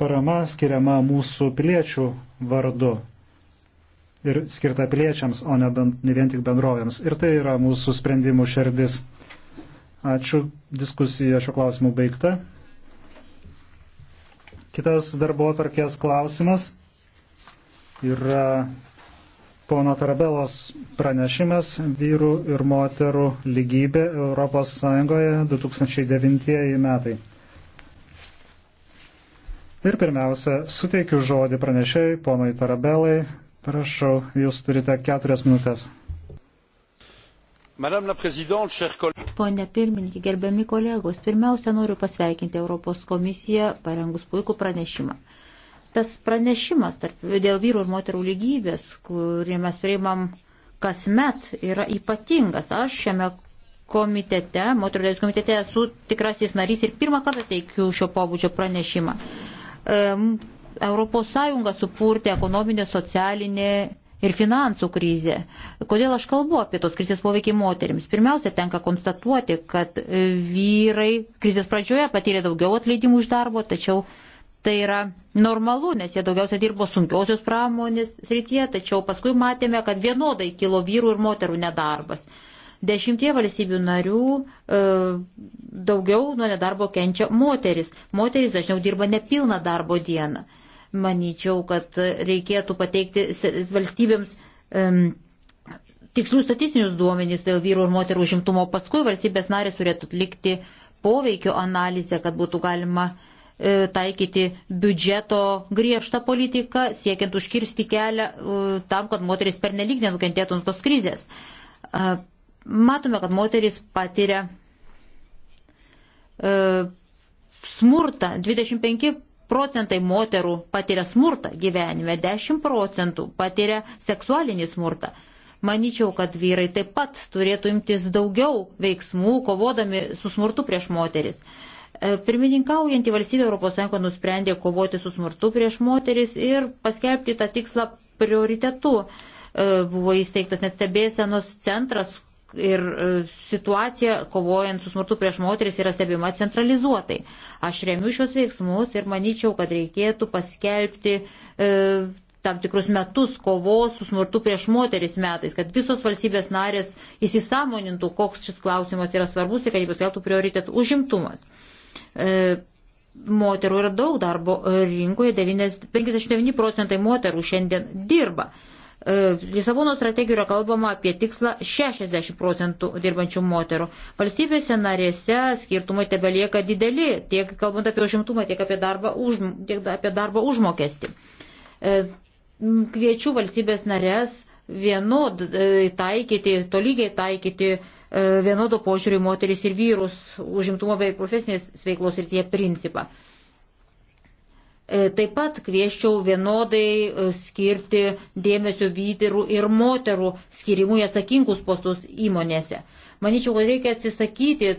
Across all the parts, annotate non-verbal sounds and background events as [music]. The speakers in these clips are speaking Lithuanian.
parama skiriama mūsų piliečių vardu ir skirta piliečiams, o ne, bent, ne vien tik bendrovėms. Ir tai yra mūsų sprendimų šerdis. Ačiū, diskusija šio klausimu baigta. Kitas darbo atvarkės klausimas yra pono Tarabelos pranešimas vyrų ir moterų lygybė ES 2009 metai. Ir pirmiausia, suteikiu žodį pranešėjai, ponui Tarabelai. Prašau, jūs turite keturias minutės. Pone pirmininkė, gerbiami kolegos, pirmiausia noriu pasveikinti Europos komisiją parengus puikų pranešimą. Tas pranešimas tarp, dėl vyrų ir moterų lygybės, kurį mes priimam kasmet, yra ypatingas. Aš šiame komitete, moterų teisų komitete esu tikrasis narys ir pirmą kartą teikiu šio pobūdžio pranešimą. ES supurtė ekonominė, socialinė ir finansų krizė. Kodėl aš kalbu apie tos krizės poveikį moteriams? Pirmiausia, tenka konstatuoti, kad vyrai krizės pradžioje patyrė daugiau atleidimų iš darbo, tačiau tai yra normalu, nes jie daugiausia dirbo sunkiosios pramonės srityje, tačiau paskui matėme, kad vienodai kilo vyrų ir moterų nedarbas. Dešimtie valstybių narių e, daugiau nuo nedarbo kenčia moteris. Moteris dažniau dirba nepilną darbo dieną. Manyčiau, kad reikėtų pateikti valstybėms e, tikslių statistinius duomenys dėl vyrų ir moterų užimtumo. Paskui valstybės narės turėtų atlikti poveikio analizę, kad būtų galima e, taikyti biudžeto griežtą politiką, siekiant užkirsti kelią tam, kad moteris pernelyg nenukentėtų nuo tos krizės matome, kad moteris patiria e, smurtą. 25 procentai moterų patiria smurtą gyvenime, 10 procentų patiria seksualinį smurtą. Maničiau, kad vyrai taip pat turėtų imtis daugiau veiksmų, kovodami su smurtu prieš moteris. E, pirmininkaujantį valstybę ES nusprendė kovoti su smurtu prieš moteris ir paskelbti tą tikslą prioritetu. E, buvo įsteigtas net stebėsenos centras, ir e, situacija kovojant su smurtu prieš moteris yra stebima centralizuotai. Aš remiu šios veiksmus ir manyčiau, kad reikėtų paskelbti e, tam tikrus metus kovos su smurtu prieš moteris metais, kad visos valstybės narės įsisamonintų, koks šis klausimas yra svarbus ir kad jį paskelbtų prioritetų užimtumas. E, moterų yra daug darbo rinkoje, 59 procentai moterų šiandien dirba. E, Lisabono strategijoje yra kalbama apie tikslą 60 procentų dirbančių moterų. Valstybėse narėse skirtumai tebelieka dideli, tiek kalbant apie užimtumą, tiek apie darbą, už, tiek apie darbą užmokestį. E, Kviečiu valstybės narės vienodai e, taikyti, tolygiai taikyti vienodo požiūrį moteris ir vyrus užimtumo bei profesinės veiklos ir tie principą. E, taip pat kvieščiau vienodai e, skirti dėmesio vyrų ir moterų skirimui atsakingus postus įmonėse. Maničiau, kad reikia atsisakyti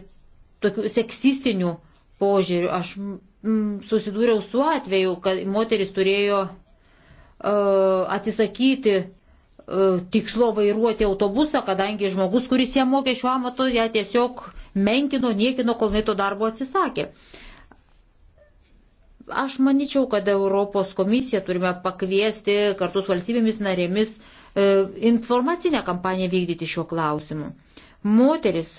tokių seksistinių požiūrių. Aš susidūriau su atveju, kad moteris turėjo e, atsisakyti tikslo vairuoti autobusą, kadangi žmogus, kuris ją mokė šio amato, ją tiesiog menkino, niekino, kol jinai to darbo atsisakė. Uh, Aš manyčiau, kad Europos komisiją turime pakviesti kartu su valstybėmis narėmis e, informacinę kampaniją vykdyti šiuo klausimu. Moteris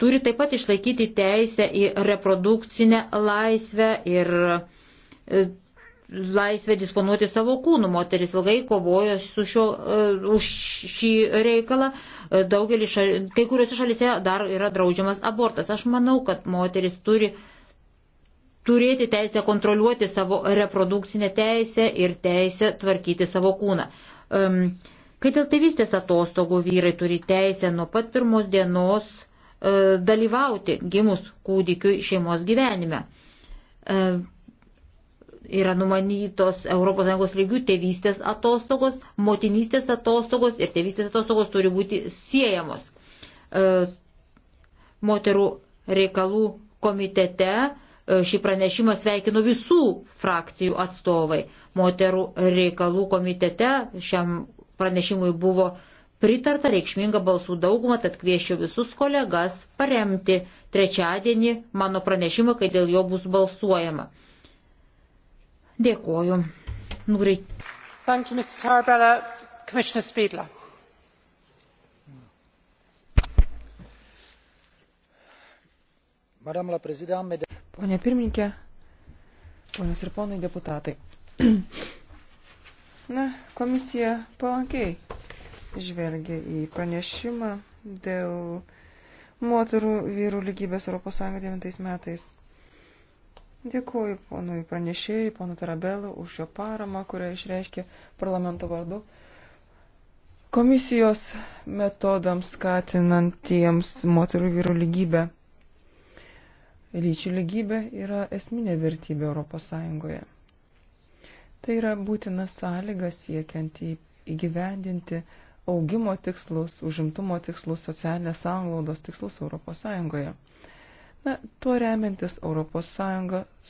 turi taip pat išlaikyti teisę į reprodukcinę laisvę ir e, laisvę disponuoti savo kūnų. Moteris ilgai kovojo su šio, e, už šį reikalą. Daugelį šal, kai kuriuose šalise dar yra draudžiamas abortas. Aš manau, kad moteris turi turėti teisę kontroliuoti savo reprodukcinę teisę ir teisę tvarkyti savo kūną. Um, kai dėl tėvystės atostogų vyrai turi teisę nuo pat pirmos dienos uh, dalyvauti gimus kūdikiu šeimos gyvenime. Uh, yra numanytos ES lygių tėvystės atostogos, motinystės atostogos ir tėvystės atostogos turi būti siejamos. Uh, moterų reikalų komitete uh, E, šį pranešimą sveikino visų frakcijų atstovai. Moterų reikalų komitete šiam pranešimui buvo pritarta reikšminga balsų dauguma, tad kviečiu visus kolegas paremti trečiadienį mano pranešimą, kai dėl jo bus balsuojama. Dėkoju. Nuri. Thank you, Mrs. Harbella. Commissioner Spiedler. Madame la Présidente, Pone pirmininkė, ponios ir ponai deputatai. [clears throat] Na, komisija palankiai žvelgia į pranešimą dėl moterų vyrų lygybės ES 9 metais. Dėkuoju ponui pranešėjai, ponu Tarabelą, už jo paramą, kurią išreiškė parlamento vardu. Komisijos metodams skatinantiems moterų vyrų lygybę lyčių lygybė yra esminė vertybė ES. Tai yra būtina sąlyga siekiant įgyvendinti augimo tikslus, užimtumo tikslus, socialinės sąnaudos tikslus ES. Na, tuo remiantis ES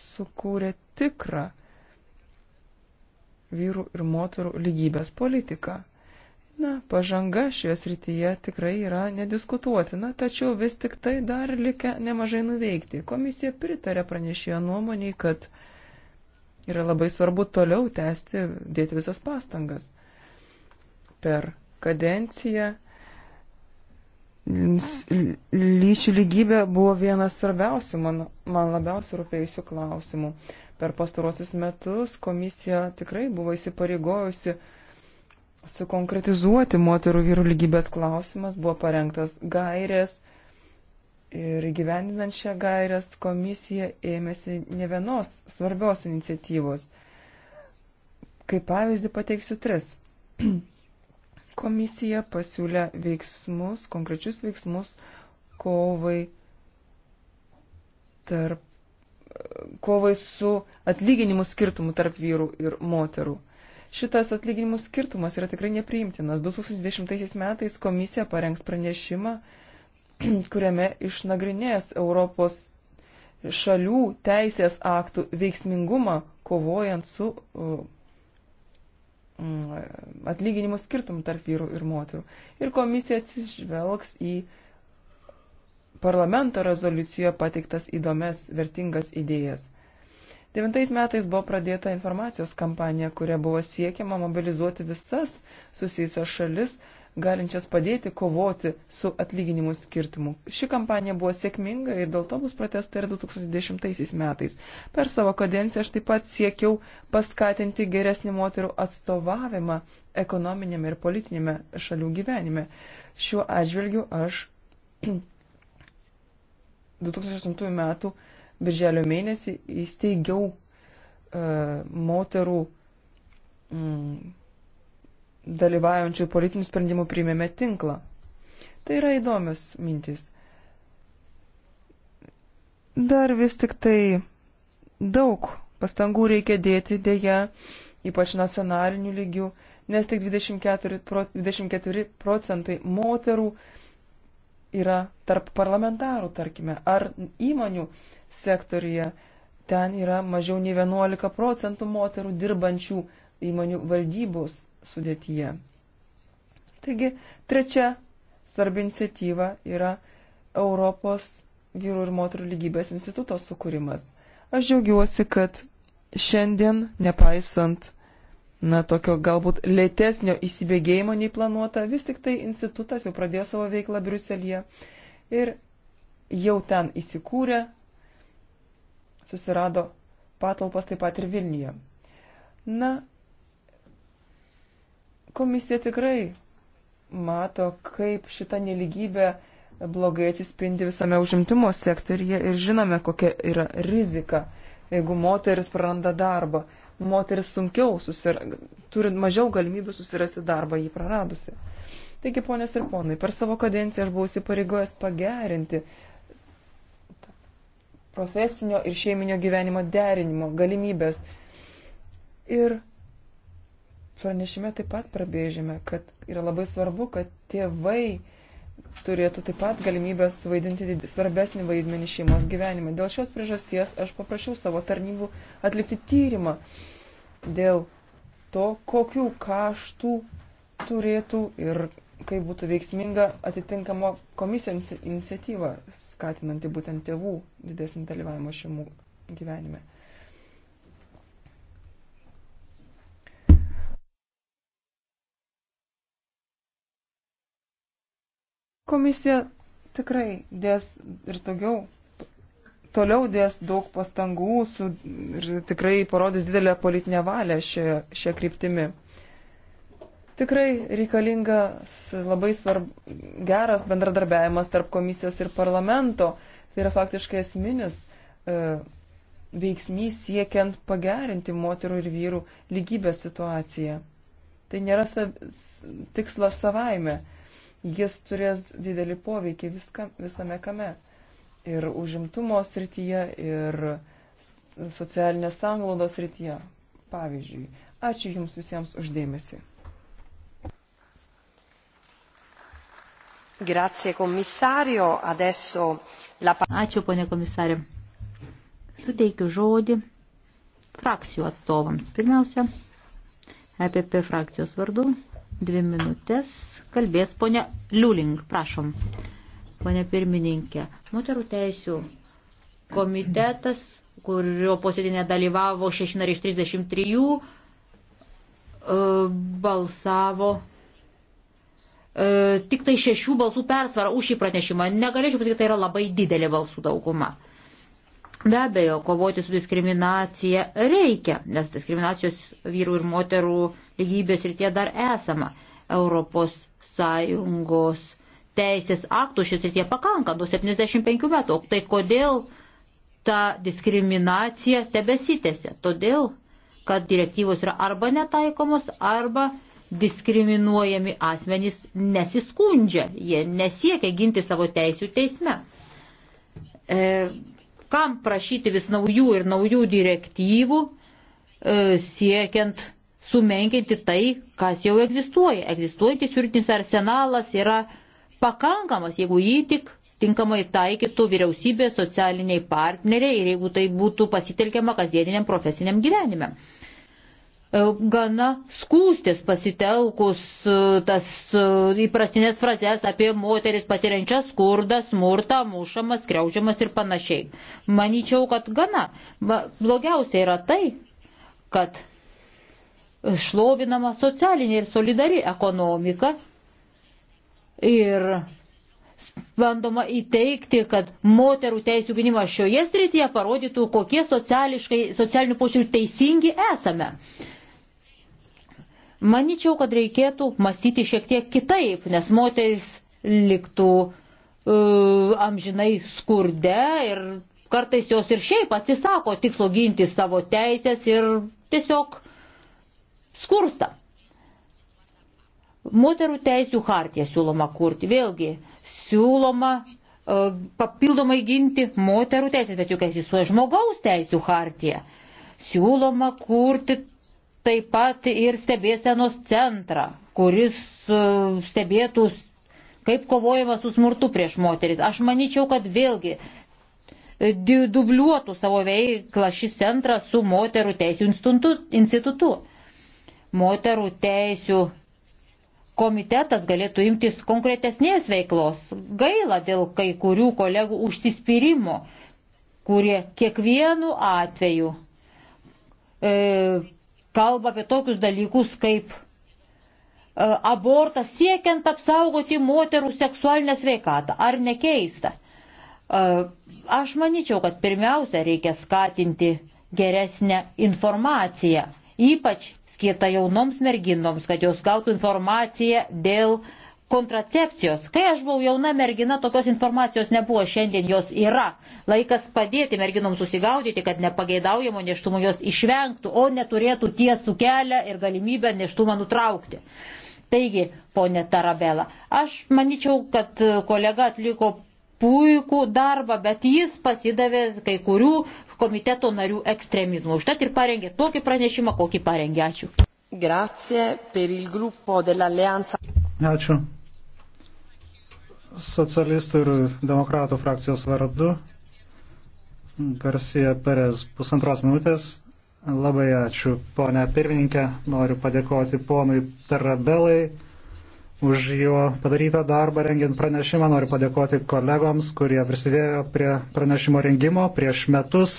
sukūrė tikrą vyrų ir moterų lygybės politiką. Na, pažanga šioje srityje tikrai yra nediskutuotina, tačiau vis tik tai dar likę nemažai nuveikti. Komisija pritarė pranešėjo nuomoniai, kad yra labai svarbu toliau tęsti, dėti visas pastangas. Per kadenciją lyčių lygybė buvo vienas svarbiausių, man, man labiausiai rūpėjusių klausimų. Per pastarosius metus komisija tikrai buvo įsipareigojusi sukonkretizuoti moterų vyrų lygybės klausimas, buvo parengtas gairės ir gyvendinant šią gairės komisija ėmėsi ne vienos svarbios iniciatyvos. Kaip pavyzdį pateiksiu tris. [clears throat] Komisija pasiūlė veiksmus, konkrečius veiksmus kovai tarp kovai su atlyginimu skirtumu tarp vyrų ir moterų. Šitas atlyginimų skirtumas yra tikrai nepriimtinas. 2010 metais komisija parengs pranešimą, [clears throat] kuriame išnagrinės Europos šalių teisės aktų veiksmingumą kovojant su uh, mm, atlyginimų skirtumų tarp vyrų ir moterų. Ir komisija atsižvelgs į parlamento rezoliucijoje pateiktas įdomias, vertingas idėjas. Devintais metais buvo pradėta informacijos kampanija, kuria buvo siekiama mobilizuoti visas susijusias šalis, galinčias padėti kovoti su atlyginimų skirtimu. Ši kampanija buvo sėkminga ir dėl to bus protesta ir 2010 metais. Per savo kadenciją aš taip pat siekiau paskatinti geresnį moterų atstovavimą ekonominėme ir politinėme šalių gyvenime. Šiuo atžvilgiu aš 2008 [clears throat] metų birželio mėnesį įsteigiau uh, moterų mm, dalyvaujančių politinių sprendimų priimėme tinklą. Tai yra įdomios mintys. Dar vis tik tai daug pastangų reikia dėti dėja, ypač nacionalinių lygių, nes tik 24, 24 procentai moterų uh, yra tarp parlamentarų, tarkime, ar įmonių sektorija. Ten yra mažiau nei 11 procentų moterų dirbančių įmonių valdybos sudėtyje. Taigi, trečia svarbi iniciatyva yra Europos vyrų ir moterų lygybės instituto sukūrimas. Aš džiaugiuosi, kad šiandien, nepaisant na, tokio galbūt lėtesnio įsibėgėjimo nei planuota, vis tik tai institutas jau pradėjo savo veiklą Briuselėje ir jau ten įsikūrė, susirado patalpas taip pat ir Vilniuje. Na, komisija tikrai mato, kaip šita neligybė blogai atsispindi visame užimtumo sektorije ir žinome, kokia yra rizika, jeigu moteris praranda darbą moteris sunkiau susira... turi mažiau galimybių susirasti darbą jį praradusi. Taigi, ponės ir ponai, per savo kadenciją aš buvau įsipareigojęs pagerinti profesinio ir šeiminio gyvenimo derinimo galimybės. Ir pranešime taip pat prabėžime, kad yra labai svarbu, kad tėvai turėtų taip pat galimybės vaidinti svarbesnį vaidmenį šeimos gyvenime. Dėl šios priežasties aš paprašiau savo tarnybų atlikti tyrimą dėl to, kokių kaštų turėtų ir kaip būtų veiksminga atitinkamo komisijos iniciatyva, skatinanti būtent tėvų didesnį dalyvavimą šeimų gyvenime. Komisija tikrai dės ir daugiau, toliau dės daug pastangų su, ir tikrai parodys didelę politinę valią šią, šią kryptimį. Tikrai reikalingas labai svarb, geras bendradarbiavimas tarp komisijos ir parlamento. Tai yra faktiškai esminis e, veiksnys siekiant pagerinti moterų ir vyrų lygybės situaciją. Tai nėra sav, tikslas savaime. E, jis turės didelį poveikį viskam, visame kame. Ir užimtumo srityje, ir socialinės sanglaudos srityje. Pavyzdžiui, ačiū Jums visiems uždėmesi. Grazie, komisario. Adesso la... Ačiū, ponė komisarė. Suteikiu žodį frakcijų atstovams. Pirmiausia, EPP frakcijos vardu Dvi minutės kalbės ponia Liuling, prašom. Pone pirmininkė, moterų teisų komitetas, kurio posėdinė dalyvavo 6 nariai iš 33, e, balsavo e, tik tai šešių balsų persvarą už šį pranešimą. Negalėčiau pasakyti, tai yra labai didelė balsų dauguma. Be abejo, kovoti su diskriminacija reikia, nes diskriminacijos vyrų ir moterų lygybės rytie dar esama. Europos Sąjungos teisės aktų šis rytie pakanka nuo 75 metų. O tai kodėl ta diskriminacija tebesitėse? Todėl, kad direktyvos yra arba netaikomos, arba diskriminuojami asmenys nesiskundžia, jie nesiekia ginti savo teisių teisme. E, kam prašyti vis naujų ir naujų direktyvų, e, siekiant sumenkinti tai, kas jau egzistuoja. Egzistuojantis juridinis arsenalas yra pakankamas, jeigu jį tik tinkamai taikytų vyriausybė, socialiniai partneriai ir jeigu tai būtų pasitelkiama kasdieniniam profesiniam gyvenime. E, gana skūstis pasitelkus e, tas e, įprastinės frazes apie moteris patiriančią skurdą, smurtą, mušamas, kreužiamas ir panašiai. Maničiau, kad gana. Blogiausia yra tai, kad šlovinama socialinė ir solidari ekonomika ir bandoma įteikti, kad moterų teisų gynimas šioje srityje parodytų, kokie socialinių požiūrių teisingi esame. Maničiau, kad reikėtų mąstyti šiek tiek kitaip, nes moteris liktų uh, amžinai skurde ir kartais jos ir šiaip atsisako tikslo ginti savo teisės ir tiesiog uh, skursta. Moterų teisų hartiją siūloma kurti. Vėlgi, siūloma uh, papildomai ginti moterų teisės, bet juk egzistuoja žmogaus teisų hartija. Siūloma kurti taip pat ir stebėsenos centrą, kuris uh, stebėtų, kaip kovojama su smurtu prieš moteris. Aš manyčiau, kad vėlgi e, dubliuotų savo veiklą šis centras su moterų teisų institutu moterų teisių komitetas galėtų imtis konkretesnės veiklos. Gaila dėl kai kurių kolegų užsispyrimo, kurie kiekvienu atveju e, kalba apie tokius dalykus kaip e, abortas siekiant apsaugoti moterų seksualinę sveikatą. Ar nekeista? E, aš manyčiau, kad pirmiausia reikia skatinti geresnę informaciją ypač skirta jaunoms merginoms, kad jos gautų informaciją dėl kontracepcijos. Kai aš buvau jauna mergina, tokios informacijos nebuvo, šiandien jos yra. Laikas padėti merginoms susigaudyti, kad nepageidaujamo neštumo jos išvengtų, o neturėtų tiesų kelią ir galimybę neštumą nutraukti. Taigi, ponė Tarabela, aš manyčiau, kad kolega atliko puikų darbą, bet jis pasidavė kai kurių komiteto narių ekstremizmų. Užtat ir parengė tokį pranešimą, kokį parengė. Ačiū. Ačiū. Socialistų ir demokratų frakcijos vardu Garcia Perez pusantros minutės. Labai ačiū, ponia pirmininkė. Noriu padėkoti ponui Tarabelai už jo padarytą darbą rengiant pranešimą. Noriu padėkoti kolegoms, kurie prisidėjo prie pranešimo rengimo prieš metus.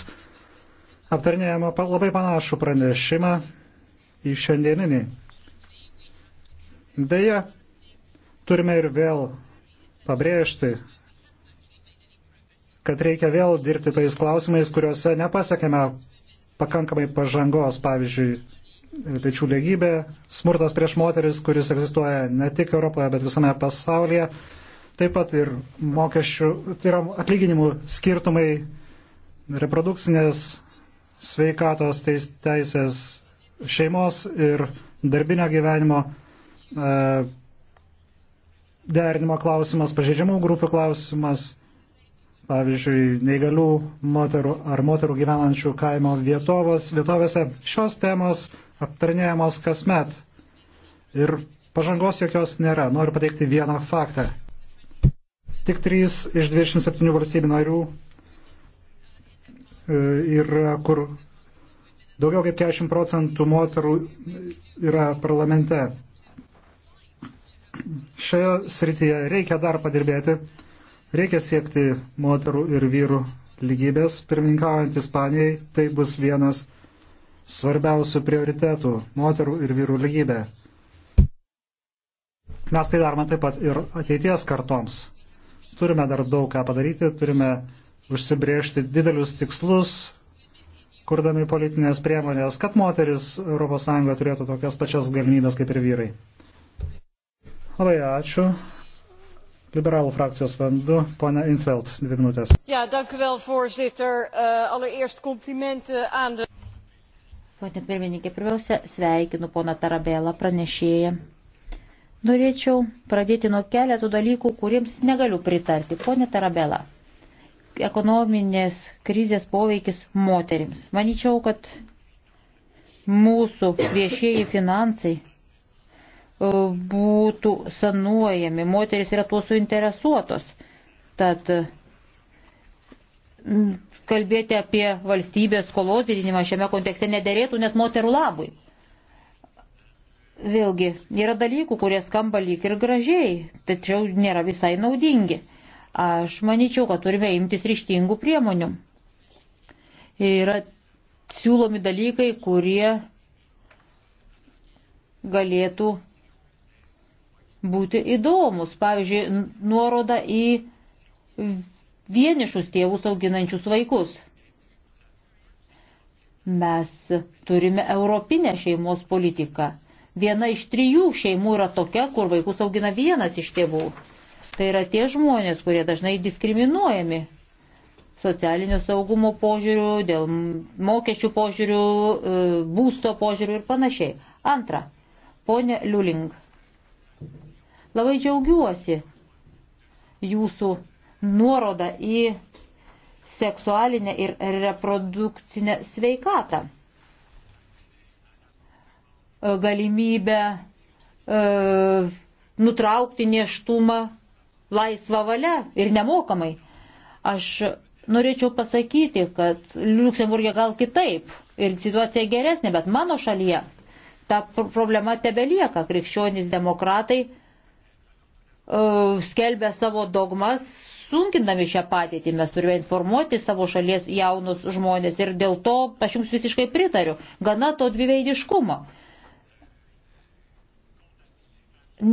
Aptarnėjama labai panašų pranešimą į šiandieninį. Deja, turime ir vėl pabrėžti, kad reikia vėl dirbti tais klausimais, kuriuose nepasiekėme pakankamai pažangos, pavyzdžiui, lyčių lygybė, smurtas prieš moteris, kuris egzistuoja ne tik Europoje, bet visame pasaulyje. Taip pat ir mokesčių, tai yra atlyginimų skirtumai, reprodukcinės sveikatos teis, teisės šeimos ir darbinio gyvenimo e, derinimo klausimas, pažeidžiamų grupių klausimas, pavyzdžiui, neįgalių moterų ar moterų gyvenančių kaimo vietovos, vietovėse. Šios temos aptarinėjamos kasmet ir pažangos jokios nėra. Noriu pateikti vieną faktą. Tik 3 iš 27 valstybių narių e, yra, kur daugiau kaip 40 procentų moterų yra parlamente. Šioje srityje reikia dar padirbėti, reikia siekti moterų ir vyrų lygybės. Pirmininkaujant Ispanijai, tai bus vienas svarbiausių prioritetų - moterų ir vyrų lygybė. Mes tai darome taip pat ir ateities kartoms. Turime dar daug ką padaryti, turime užsibriežti didelius tikslus, kurdami politinės priemonės, kad moteris ES turėtų tokias pačias galimybės kaip ir vyrai. Labai ačiū. Liberalų frakcijos vandu, ponia Infeld, dvi minutės. Ja, dank u wel, voorzitter. Uh, allereerst complimenten aan de... Pane pirmininkė, pirmiausia, sveikinu poną Tarabėlą pranešėją. Norėčiau pradėti nuo keletų dalykų, kuriems negaliu pritarti. Pone Tarabela, ekonominės krizės poveikis moterims. Maničiau, kad mūsų viešieji finansai e, būtų sanuojami. Moteris yra tuo suinteresuotos. Tad kalbėti apie valstybės skolos didinimą šiame kontekste nederėtų net moterų labui. Vėlgi, yra dalykų, kurie skamba lyg ir gražiai, tačiau nėra visai naudingi. Aš manyčiau, kad turime imtis ryštingų priemonių. Yra siūlomi dalykai, kurie galėtų būti įdomus. Pavyzdžiui, nuoroda į vienišus tėvus auginančius vaikus. Mes turime europinę šeimos politiką. Viena iš trijų šeimų yra tokia, kur vaikus augina vienas iš tėvų. Tai yra tie žmonės, kurie dažnai diskriminuojami socialinio saugumo požiūrių, dėl mokesčių požiūrių, e, būsto požiūrių ir panašiai. Antra, ponė Liuling, labai džiaugiuosi jūsų nuoroda į seksualinę ir reprodukcinę sveikatą. E, galimybę e, nutraukti neštumą laisvą valią ir nemokamai. Aš norėčiau pasakyti, kad Luksemburgė gal kitaip ir situacija geresnė, bet mano šalyje ta problema tebelieka. Krikščionys demokratai uh, skelbia savo dogmas sunkindami šią patirtį mes turime informuoti savo šalies jaunus žmonės ir dėl to aš jums visiškai pritariu, gana to dviveidiškumo.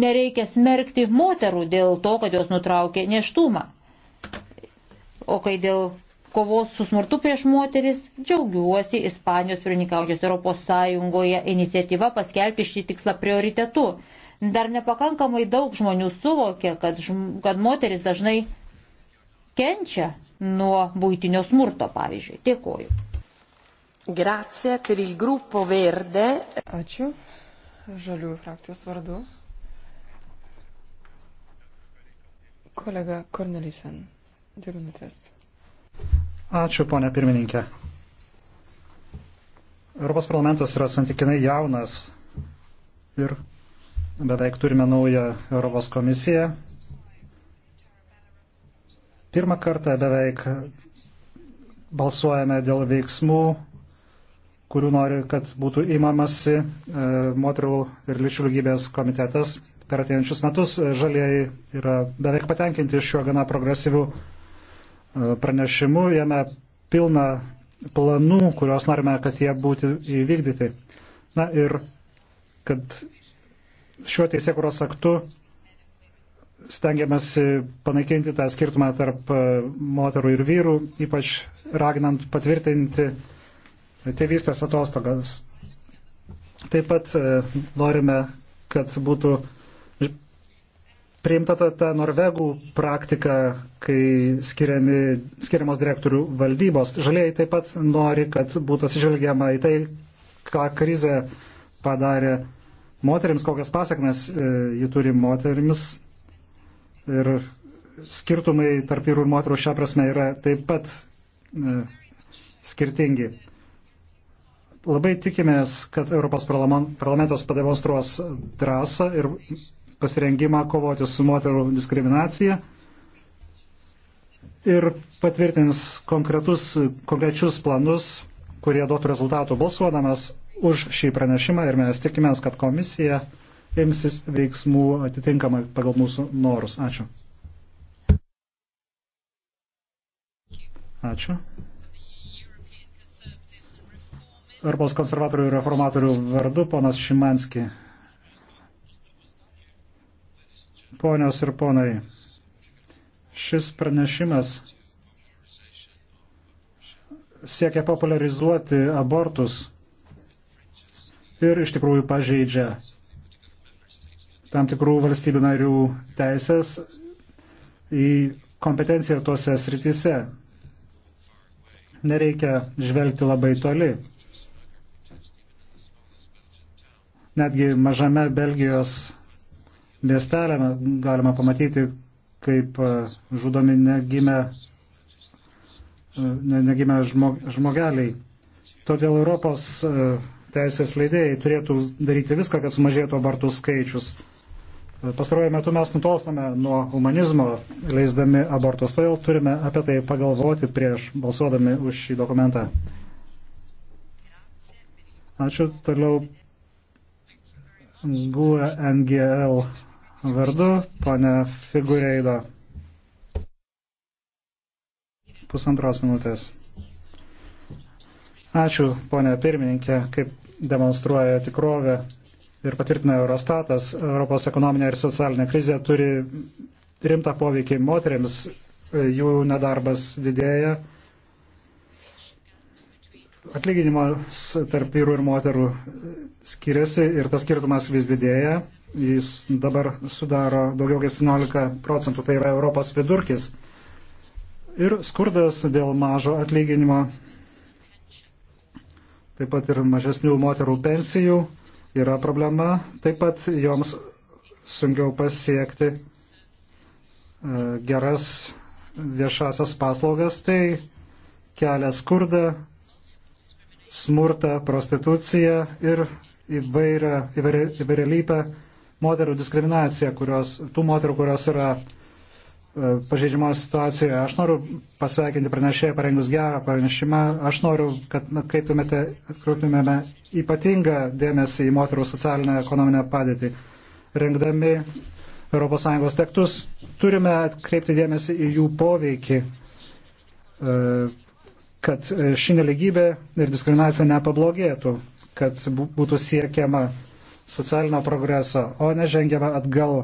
Nereikia smerkti moterų dėl to, kad jos nutraukė neštumą. O kai dėl kovos su smurtu prieš moteris, džiaugiuosi Ispanijos pirmininkaujančios Europos Sąjungoje iniciatyva paskelbti šį tikslą prioritetu dar nepakankamai daug žmonių suvokia, kad, žm kad moteris dažnai kenčia nuo būtinio smurto, pavyzdžiui. Dėkoju. Grazie per il gruppo verde. Ačiū. Žaliųjų frakcijos vardu. Kolega Kornelysen, dvi minutės. Ačiū, ponia pirmininkė. Europos parlamentas yra santykinai jaunas ir beveik turime naują Europos komisiją, Pirmą kartą beveik balsuojame dėl veiksmų, kurių nori, kad būtų įmamasi e, moterų ir lyčių lygybės komitetas per ateinančius metus. E, žalieji yra beveik patenkinti šiuo gana progresyviu e, pranešimu. Jame pilna planų, kuriuos norime, kad jie būtų įvykdyti. Na ir kad šiuo teisėkuros aktu stengiamės e, panaikinti tą skirtumą tarp e, moterų ir vyrų, ypač raginant patvirtinti tėvystės atostogas. Taip pat e, norime, kad būtų priimta ta, ta norvegų praktika, kai skiriami, skiriamos direktorių valdybos. Žaliai taip pat nori, kad būtų atsižvelgiama į tai, ką krize padarė moteriams, kokias pasakmes ji turi moteriams ir skirtumai tarp vyrų ir moterų šią prasme yra taip pat e, skirtingi. Labai tikimės, kad Europos parlamentas pademonstruos drąsą ir pasirengimą kovoti su moterų diskriminacija ir patvirtins konkrečius planus, kurie duotų rezultatų balsuodamas už šį pranešimą ir mes tikimės, kad komisija imsis veiksmų atitinkamai pagal mūsų norus. Ačiū. Ačiū. Europos konservatorių ir reformatorių vardu ponas Šimanski. Ponios ir ponai, šis pranešimas siekia popularizuoti abortus ir iš tikrųjų pažeidžia tam tikrų valstybių narių teisės į kompetenciją tuose srityse. Nereikia žvelgti labai toli. Netgi mažame Belgijos miestelėme galima pamatyti, kaip e, žudomi negime, e, negime žmog, žmogeliai. Todėl Europos e, teisės leidėjai turėtų daryti viską, kad sumažėtų abortų skaičius. Pastaruoju metu mes nutolstame nuo humanizmo, leisdami abortus, todėl turime apie tai pagalvoti prieš balsuodami už šį dokumentą. Ačiū toliau GUE NGL vardu, pane Figureido. Pusantros minutės. Ačiū, ponė pirmininkė, kaip demonstruoja tikrovė ir patvirtina Eurostatas, Europos ekonominė ir socialinė krizė turi rimtą poveikį moteriams, jų nedarbas didėja, atlyginimas tarp vyrų ir moterų skiriasi ir tas skirtumas vis didėja. Jis dabar sudaro daugiau kaip 17 procentų, tai yra Europos vidurkis. Ir skurdas dėl mažo atlyginimo, taip pat ir mažesnių moterų pensijų yra problema, taip pat joms sunkiau pasiekti e, geras viešasias paslaugas, tai kelia skurdą, smurtą, prostituciją ir įvairią, įvairią, įvairialypę moterų diskriminaciją, kurios, tų moterų, kurios yra pažeidžiamoje situacijoje. Aš noriu pasveikinti pranešėją parengus gerą pranešimą. Aš noriu, kad atkreiptumėme ypatingą dėmesį į moterų socialinę ekonominę padėtį. Rengdami ES tektus turime atkreipti dėmesį į jų poveikį, e, kad ši neligybė ir diskriminacija nepablogėtų, kad būtų siekiama socialinio progreso, o ne žengiama atgal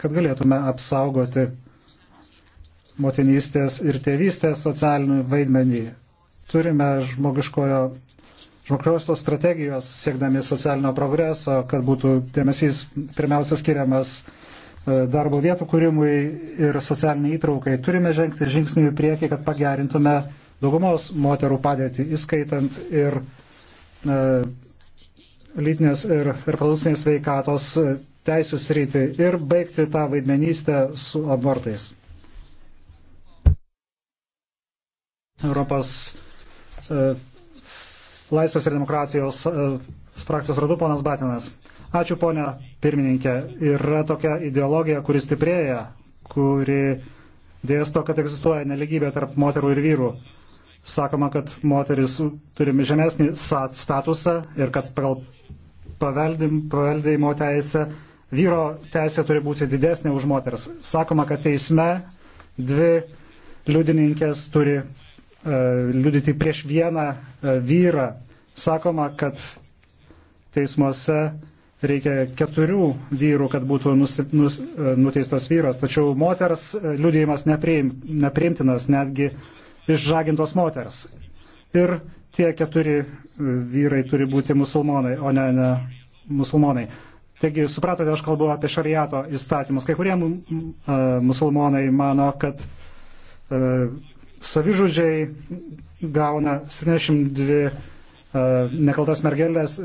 kad galėtume apsaugoti motinystės ir tėvystės socialinį vaidmenį. Turime žmogiškojo, žmogiškos strategijos siekdami socialinio progreso, kad būtų dėmesys pirmiausia skiriamas e, darbo vietų kūrimui ir socialiniai įtraukai. Turime žengti žingsnį į priekį, kad pagerintume daugumos moterų padėtį, įskaitant ir e, lytinės ir reprodukcinės veikatos teisų sritį ir baigti tą vaidmenystę su abortais. Europos e, Laisvės ir demokratijos e, frakcijos radu ponas Batinas. Ačiū ponia pirmininkė. Yra tokia ideologija, kuri stiprėja, kuri dėsto, kad egzistuoja neligybė tarp moterų ir vyrų. Sakoma, kad moteris turi žemesnį statusą ir kad pagal paveldim, paveldėjimo teisę vyro teisė turi būti didesnė už moters. Sakoma, kad teisme dvi liudininkės turi e, liudyti prieš vieną e, vyrą. Sakoma, kad teismuose reikia keturių vyrų, kad būtų nus, nus, e, nuteistas vyras, tačiau moters e, liudėjimas nepriim, nepriimtinas netgi išžagintos moters. Ir tie keturi e, vyrai turi būti musulmonai, o ne, ne musulmonai. Taigi, supratote, aš kalbu apie šariato įstatymus. Kai kurie musulmonai mano, kad savižudžiai gauna 72 nekaltas mergelės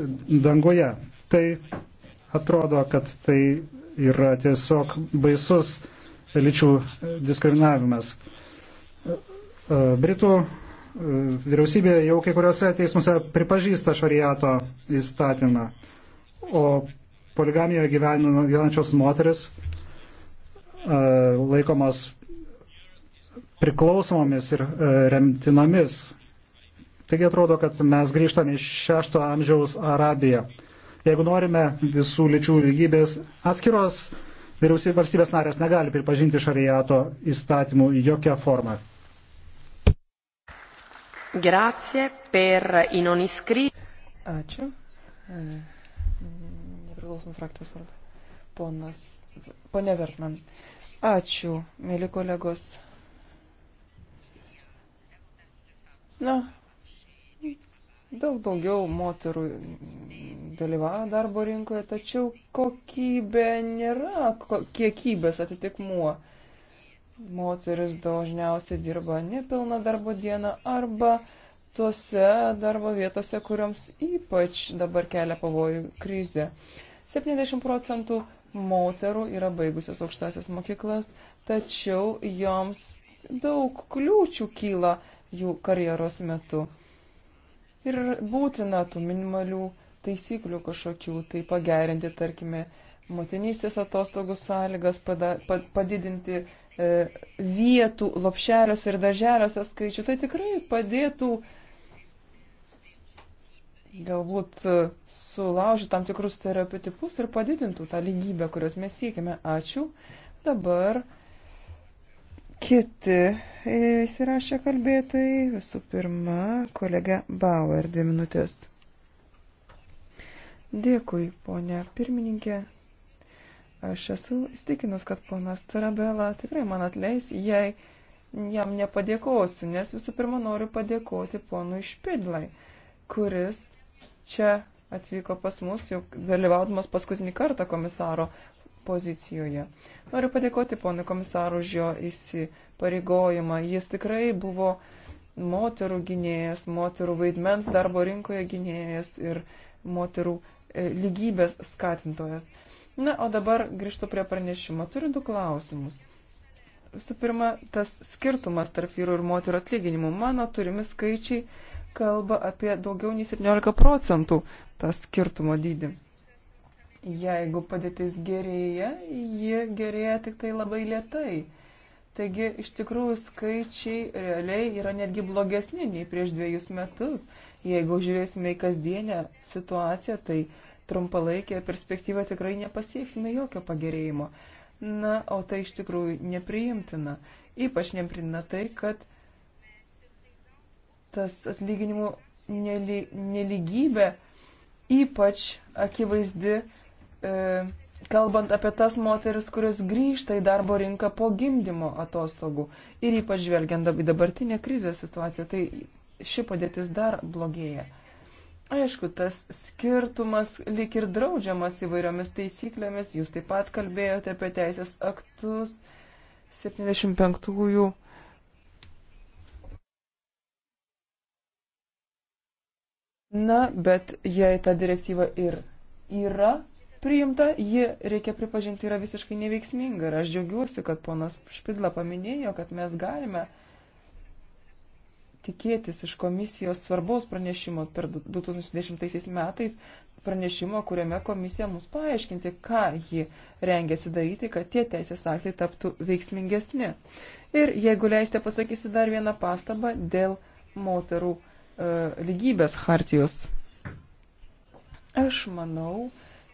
dangoje. Tai atrodo, kad tai yra tiesiog baisus lyčių diskriminavimas. Britų vyriausybė jau kai kuriuose teismuose pripažįsta šariato įstatymą, o poligamijoje gyvenančios moteris e, laikomas priklausomomis ir e, remtinomis. Taigi atrodo, kad mes grįžtame iš šešto amžiaus Arabiją. Jeigu norime visų lyčių lygybės, atskiros vyriausybės valstybės narės negali pripažinti šariato įstatymų jokia forma. Grazie per i non iscritti. Ačiū. E, nepriklausomų frakcijos vardu. Ponas, ponė Vertman. Ačiū, mėly kolegos. Na, daug daugiau moterų dalyvauja darbo rinkoje, tačiau kokybė nėra kiekybės atitikmuo. Moteris dažniausiai dirba nepilną darbo dieną arba tuose darbo vietose, kuriams ypač dabar kelia pavojų krizė. 70 procentų moterų yra baigusios aukštasias mokyklas, tačiau joms daug kliūčių kyla jų karjeros metu. Ir būtina tų minimalių taisyklių kažkokių, tai pagerinti, tarkime, motinystės atostogų sąlygas, pada, padidinti e, vietų lopšeliuose ir darželiuose skaičių, tai tikrai padėtų e, galbūt e, sulaužytų tam tikrus stereotipus ir padidintų tą lygybę, kurios mes siekime. Ačiū. Dabar kiti e, įsirašę kalbėtojai. Visų pirma, kolega Bauer, dvi minutės. Dėkui, ponė pirmininkė. Aš esu įstikinus, kad ponas Tarabela tikrai man atleis, jei jam nepadėkosiu, nes visų pirma noriu padėkoti ponui Špidlai, kuris čia atvyko pas mus, jau dalyvaudamas paskutinį kartą komisaro pozicijoje. Noriu padėkoti ponui komisaru už jo įsipareigojimą. Jis tikrai buvo moterų gynėjas, moterų vaidmens darbo rinkoje gynėjas ir moterų e, lygybės skatintojas. Na, o dabar grįžtu prie pranešimo. Turiu du klausimus. Visų pirma, tas skirtumas tarp vyrų ir moterų atlyginimų. Mano turimi skaičiai kalba apie daugiau nei 17 procentų tą skirtumo dydį. Jeigu padėtis gerėja, ji gerėja tik tai labai lietai. Taigi iš tikrųjų skaičiai realiai yra netgi blogesni nei prieš dviejus metus. Jeigu žiūrėsime į kasdienę situaciją, tai trumpalaikėje perspektyvoje tikrai nepasieksime jokio pagerėjimo. Na, o tai iš tikrųjų nepriimtina. Ypač nepriimtina tai, kad tas atlyginimų neligybė ypač akivaizdi, e, kalbant apie tas moteris, kurios grįžta į darbo rinką po gimdymo atostogų ir ypač žvelgiant į dabartinę krizės situaciją, tai ši padėtis dar blogėja. Aišku, tas skirtumas lik ir draudžiamas įvairiomis taisyklėmis, jūs taip pat kalbėjote apie teisės aktus 75-ųjų Na, bet jei ta direktyva ir yra priimta, ji, reikia pripažinti, yra visiškai neveiksminga. Ir aš džiaugiuosi, kad ponas Špidla paminėjo, kad mes galime tikėtis iš komisijos svarbaus pranešimo per 2010 metais, pranešimo, kuriame komisija mums paaiškinti, ką ji rengiasi daryti, kad tie teisės aktai taptų veiksmingesni. Ir jeigu leisite, pasakysiu dar vieną pastabą dėl moterų E, lygybės hartijos. Aš manau,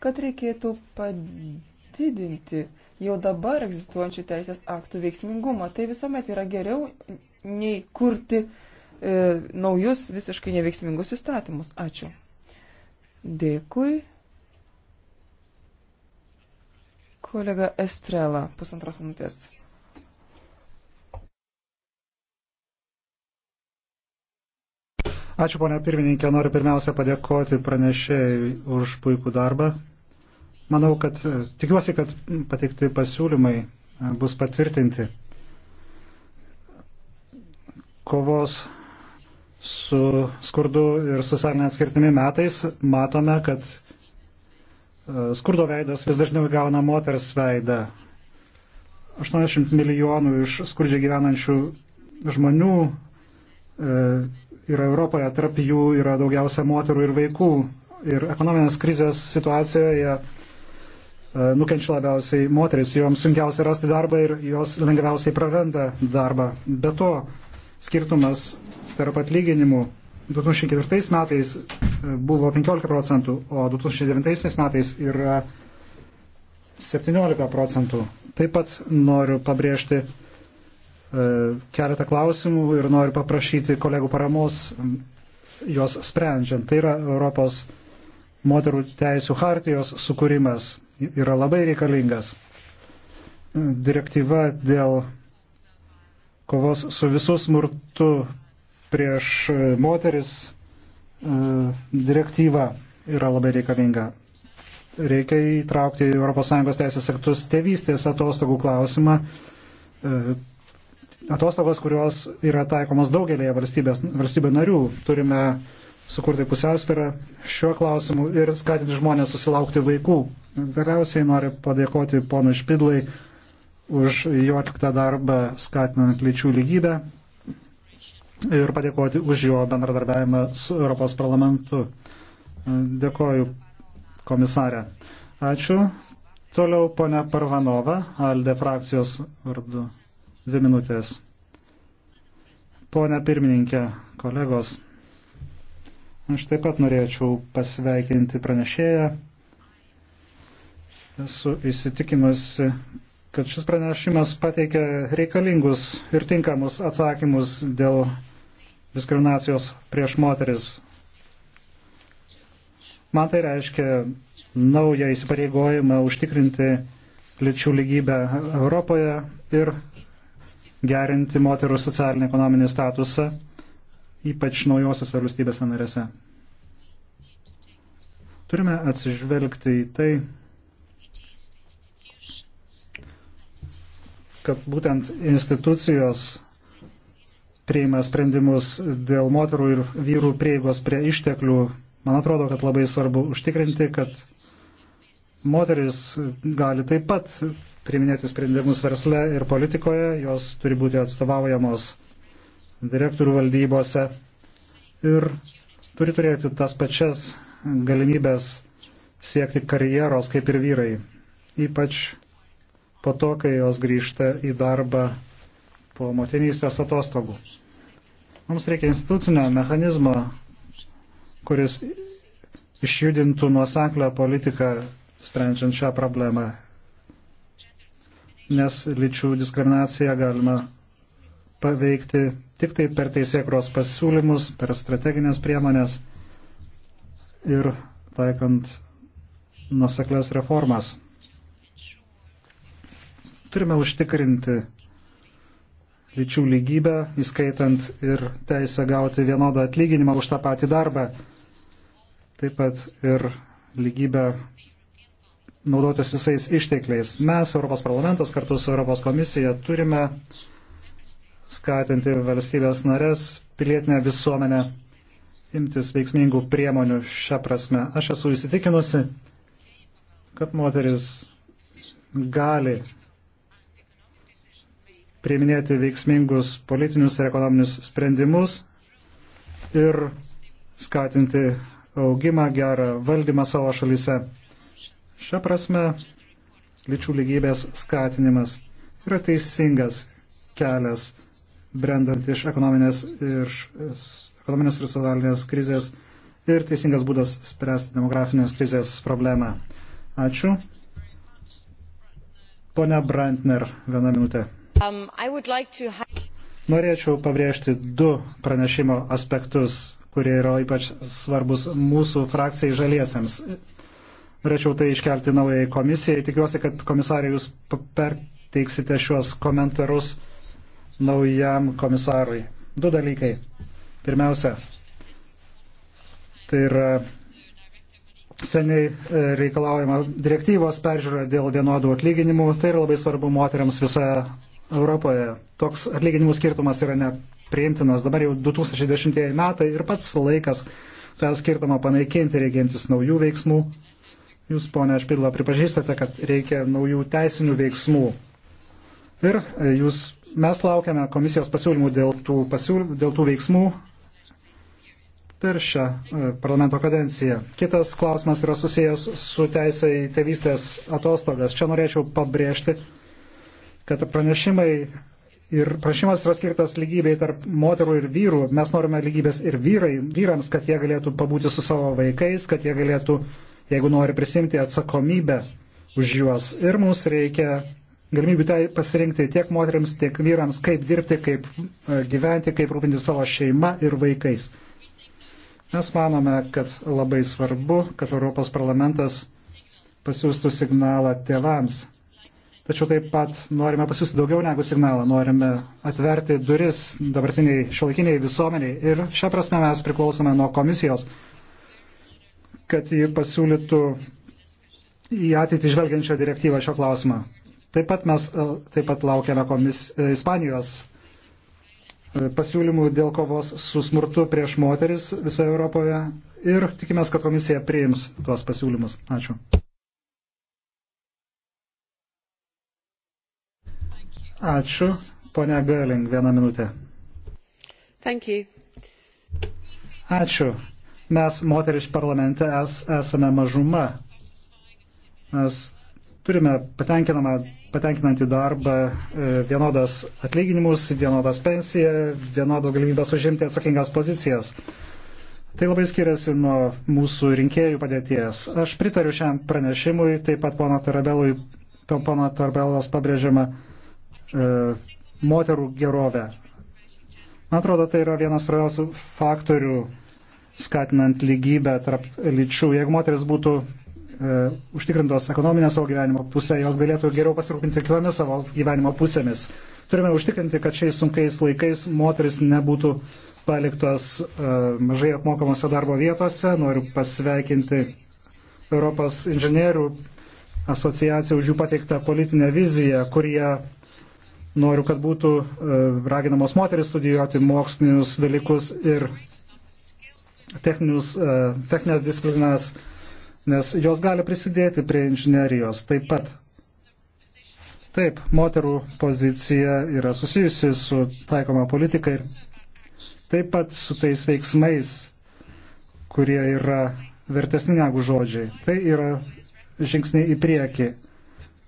kad reikėtų padidinti jau dabar egzistuojančių teisės aktų veiksmingumą. Tai visuomet yra geriau nei kurti e, naujus visiškai neveiksmingus įstatymus. Ačiū. Dėkui. Kolega Estrela, pusantros minutės. Ačiū, ponia pirmininkė. Noriu pirmiausia padėkoti pranešėjai už puikų darbą. Manau, kad e, tikiuosi, kad pateikti pasiūlymai e, bus patvirtinti. Kovos su skurdu ir socialinė atskirtimi metais matome, kad e, skurdo veidas vis dažniau gauna moters veidą. 80 milijonų iš skurdžiai gyvenančių žmonių e, yra Europoje, tarp jų yra daugiausia moterų ir vaikų. Ir ekonominės krizės situacijoje e, nukenčia labiausiai moteris, joms sunkiausia rasti darbą ir jos lengviausiai praranda darbą. Be to, skirtumas tarp atlyginimų 2004 metais e, buvo 15 procentų, o 2009 metais yra 17 procentų. Taip pat noriu pabrėžti E, keletą klausimų ir noriu paprašyti kolegų paramos juos sprendžiant. Tai yra Europos moterų teisų hartijos sukūrimas yra labai reikalingas. Direktyva dėl kovos su visų smurtu prieš moteris e, direktyva yra labai reikalinga. Reikia įtraukti į ES teisės aktus tėvystės atostogų klausimą, e, atostogos, kurios yra taikomas daugelėje valstybių narių. Turime sukurti pusiausvyrą šiuo klausimu ir skatinti žmonės susilaukti vaikų. Galiausiai noriu padėkoti ponui Špidlai už jo atliktą darbą skatinant lyčių lygybę ir padėkoti už jo bendradarbiavimą su Europos parlamentu. Dėkoju, komisarė. Ačiū. Toliau ponia Parvanova, Alde frakcijos vardu. Dvi minutės. Pone pirmininkė, kolegos, aš taip pat norėčiau pasveikinti pranešėją. Esu įsitikinusi, kad šis pranešimas pateikia reikalingus ir tinkamus atsakymus dėl diskriminacijos prieš moteris. Man tai reiškia naują įsipareigojimą užtikrinti lyčių lygybę Europoje ir gerinti moterų socialinį ekonominį statusą, ypač naujosiose valstybėse narėse. Turime atsižvelgti į tai, kad būtent institucijos priima sprendimus dėl moterų ir vyrų prieigos prie išteklių. Man atrodo, kad labai svarbu užtikrinti, kad moteris gali taip pat priminėti sprendimus versle ir politikoje, jos turi būti atstovaujamos direktorių valdybose ir turi turėti tas pačias galimybės siekti karjeros kaip ir vyrai, ypač po to, kai jos grįžta į darbą po motinystės atostogų. Mums reikia institucinio mechanizmo, kuris išjudintų nuoseklę politiką sprendžiant šią problemą nes lyčių diskriminaciją galima paveikti tik tai per teisėkros pasiūlymus, per strateginės priemonės ir taikant nusekles reformas. Turime užtikrinti lyčių lygybę, įskaitant ir teisę gauti vienodą atlyginimą už tą patį darbą, taip pat ir lygybę naudotis visais ištekliais. Mes, Europos parlamentas, kartu su Europos komisija turime skatinti valstybės narės, pilietinę visuomenę imtis veiksmingų priemonių šią prasme. Aš esu įsitikinusi, kad moteris gali priiminėti veiksmingus politinius ir ekonominius sprendimus ir skatinti augimą, gerą valdymą savo šalyse. Šia prasme, lyčių lygybės skatinimas yra teisingas kelias, brendant iš ekonominės ir, ekonominės ir socialinės krizės ir teisingas būdas spręsti demografinės krizės problemą. Ačiū. Pone Brantner, vieną minutę. Um, like to... Norėčiau pabrėžti du pranešimo aspektus, kurie yra ypač svarbus mūsų frakcijai žaliesiems. Norėčiau tai iškelti naujai komisijai. Tikiuosi, kad komisarė jūs perteiksite šiuos komentarus naujam komisarui. Du dalykai. Pirmiausia, tai yra seniai e, reikalaujama direktyvos peržiūra dėl vienodų atlyginimų. Tai yra labai svarbu moteriams visoje Europoje. Toks atlyginimų skirtumas yra nepriimtinas. Dabar jau 2010 metai ir pats laikas tą skirtumą panaikinti, reikintis naujų veiksmų Jūs, ponia Špidla, pripažįstate, kad reikia naujų teisinių veiksmų. Ir e, jūs, mes laukiame komisijos pasiūlymų dėl tų, pasiūlymų, dėl tų veiksmų per šią e, parlamento kadenciją. Kitas klausimas yra susijęs su teisė į tėvystės atostogas. Čia norėčiau pabrėžti, kad pranešimai ir prašymas yra skirtas lygybei tarp moterų ir vyrų. Mes norime lygybės ir vyrai, vyrams, kad jie galėtų pabūti su savo vaikais, kad jie galėtų uh, jeigu nori prisimti atsakomybę už juos. Ir mums reikia galimybių tai pasirinkti tiek moteriams, tiek vyrams, kaip dirbti, kaip e, gyventi, kaip rūpinti savo šeimą ir vaikais. Mes manome, kad labai svarbu, kad Europos parlamentas pasiūstų signalą tėvams. Tačiau taip pat norime pasiūsti daugiau negu signalą, norime atverti duris dabartiniai šiuolaikiniai visuomeniai. Ir šią prasme mes priklausome nuo komisijos, kad ji pasiūlytų į ateitį žvelgiančią direktyvą šio klausimą. Taip pat mes e, taip pat laukiame komis, e, Ispanijos e, pasiūlymų dėl kovos su smurtu prieš moteris visoje Europoje ir tikimės, kad komisija priims tuos pasiūlymus. Ačiū. Ačiū. Pone Galing, vieną minutę. Ačiū mes, moteris parlamente, es, esame mažuma. Mes turime patenkinantį darbą, e, vienodas atlyginimus, vienodas pensiją, vienodas galimybės užimti atsakingas pozicijas. Tai labai skiriasi nuo mūsų rinkėjų padėties. Aš pritariu šiam pranešimui, taip pat pono Tarabelui, to pono Tarabelos pabrėžiama e, moterų gerovė. Man atrodo, tai yra vienas svarbiausių faktorių skatinant lygybę tarp lyčių. Jeigu moteris būtų e, užtikrintos ekonominę savo gyvenimo pusę, jos galėtų geriau pasirūpinti kitomis savo gyvenimo pusėmis. Turime užtikrinti, kad šiais sunkiais laikais moteris nebūtų paliktos e, mažai apmokamose darbo vietose. Noriu pasveikinti Europos inžinierių asociaciją už jų pateiktą politinę viziją, kurie noriu, kad būtų e, raginamos moteris studijuoti mokslinius dalykus ir techninius, e, techninės disciplinas, nes jos gali prisidėti prie inžinerijos taip pat. Taip, moterų pozicija yra susijusi su taikoma politika ir taip pat su tais veiksmais, kurie yra vertesni negu žodžiai. Tai yra žingsniai į priekį.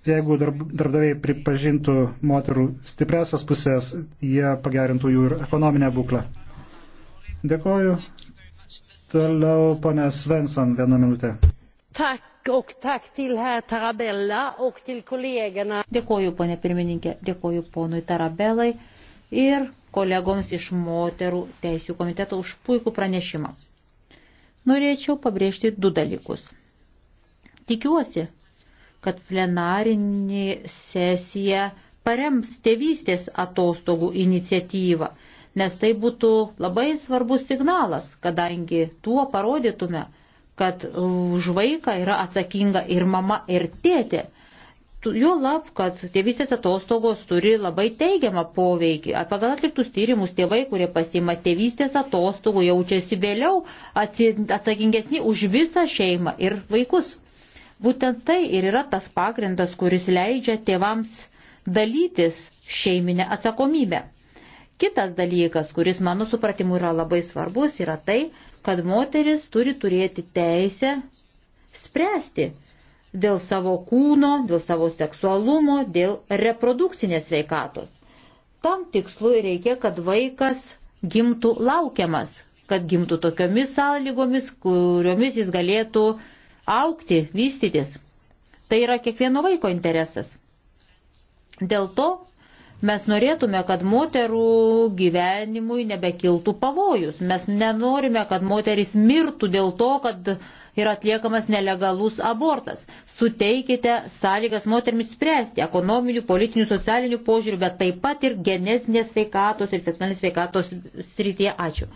Jeigu darb, darbdaviai pripažintų moterų stipresias pusės, jie pagerintų jų ir ekonominę būklę. Dėkoju. Toliau ponė Svensson, vieną minutę. Tak. Och tack till herr Tarabella och till kollegorna. Dėkoju, ponė pirmininkė, dėkoju ponui Tarabelai ir kolegoms iš moterų teisų komiteto už puikų pranešimą. Norėčiau pabrėžti du dalykus. Tikiuosi, kad plenarinė sesija parems tėvystės atostogų iniciatyvą nes tai būtų labai svarbus signalas, kadangi tuo parodytume, kad už vaiką yra atsakinga ir mama, ir tėtė. Jo lab, kad tėvystės atostogos turi labai teigiamą poveikį. Pagal atliktus tyrimus tėvai, kurie pasima tėvystės atostogų, jaučiasi vėliau atsakingesni už visą šeimą ir vaikus. Būtent tai ir yra tas pagrindas, kuris leidžia tėvams dalytis šeiminę atsakomybę. Kitas dalykas, kuris mano supratimu yra labai svarbus, yra tai, kad moteris turi turėti teisę spręsti dėl savo kūno, dėl savo seksualumo, dėl reprodukcinės veikatos. Tam tikslui reikia, kad vaikas gimtų laukiamas, kad gimtų tokiomis sąlygomis, kuriomis jis galėtų aukti, vystytis. Tai yra kiekvieno vaiko interesas. Dėl to Mes norėtume, kad moterų gyvenimui nebekiltų pavojus. Mes nenorime, kad moteris mirtų dėl to, kad yra atliekamas nelegalus abortas. Suteikite sąlygas moterimis spręsti ekonominių, politinių, socialinių požiūrių, bet taip pat ir genetinės sveikatos ir seksualinės sveikatos srityje. Ačiū.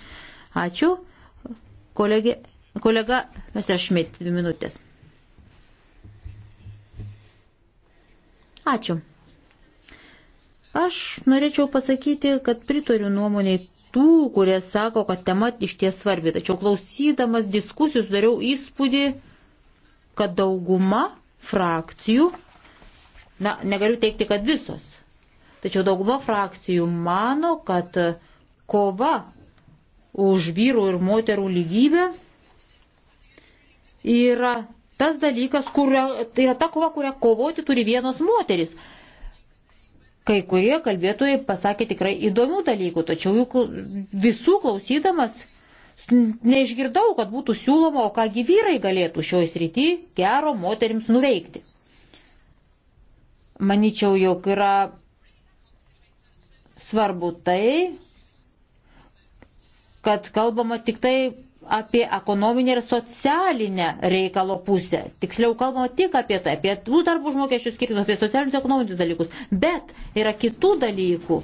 Ačiū. Kolegė, kolega Messerschmidt, dvi minutės. Ačiū. Aš norėčiau pasakyti, kad pritariu nuomoniai tų, kurie sako, kad tema iš ties svarbi, tačiau klausydamas diskusijų sudariau įspūdį, kad dauguma frakcijų, na, negaliu teikti, kad visos, tačiau dauguma frakcijų mano, kad kova už vyrų ir moterų lygybę yra tas dalykas, kurio, tai yra ta kova, kurią kovoti turi vienos moteris. Kai kurie kalbėtojai pasakė tikrai įdomių dalykų, tačiau juk visų klausydamas neišgirdau, kad būtų siūloma, o kągi vyrai galėtų šioje srity gero moterims nuveikti. Maničiau, jog yra svarbu tai, kad kalbama tik tai apie ekonominę ir socialinę reikalo pusę. Tiksliau kalbama tik apie tai, apie tų darbų žmokesčių skirtumus, apie socialinius ekonominius dalykus. Bet yra kitų dalykų,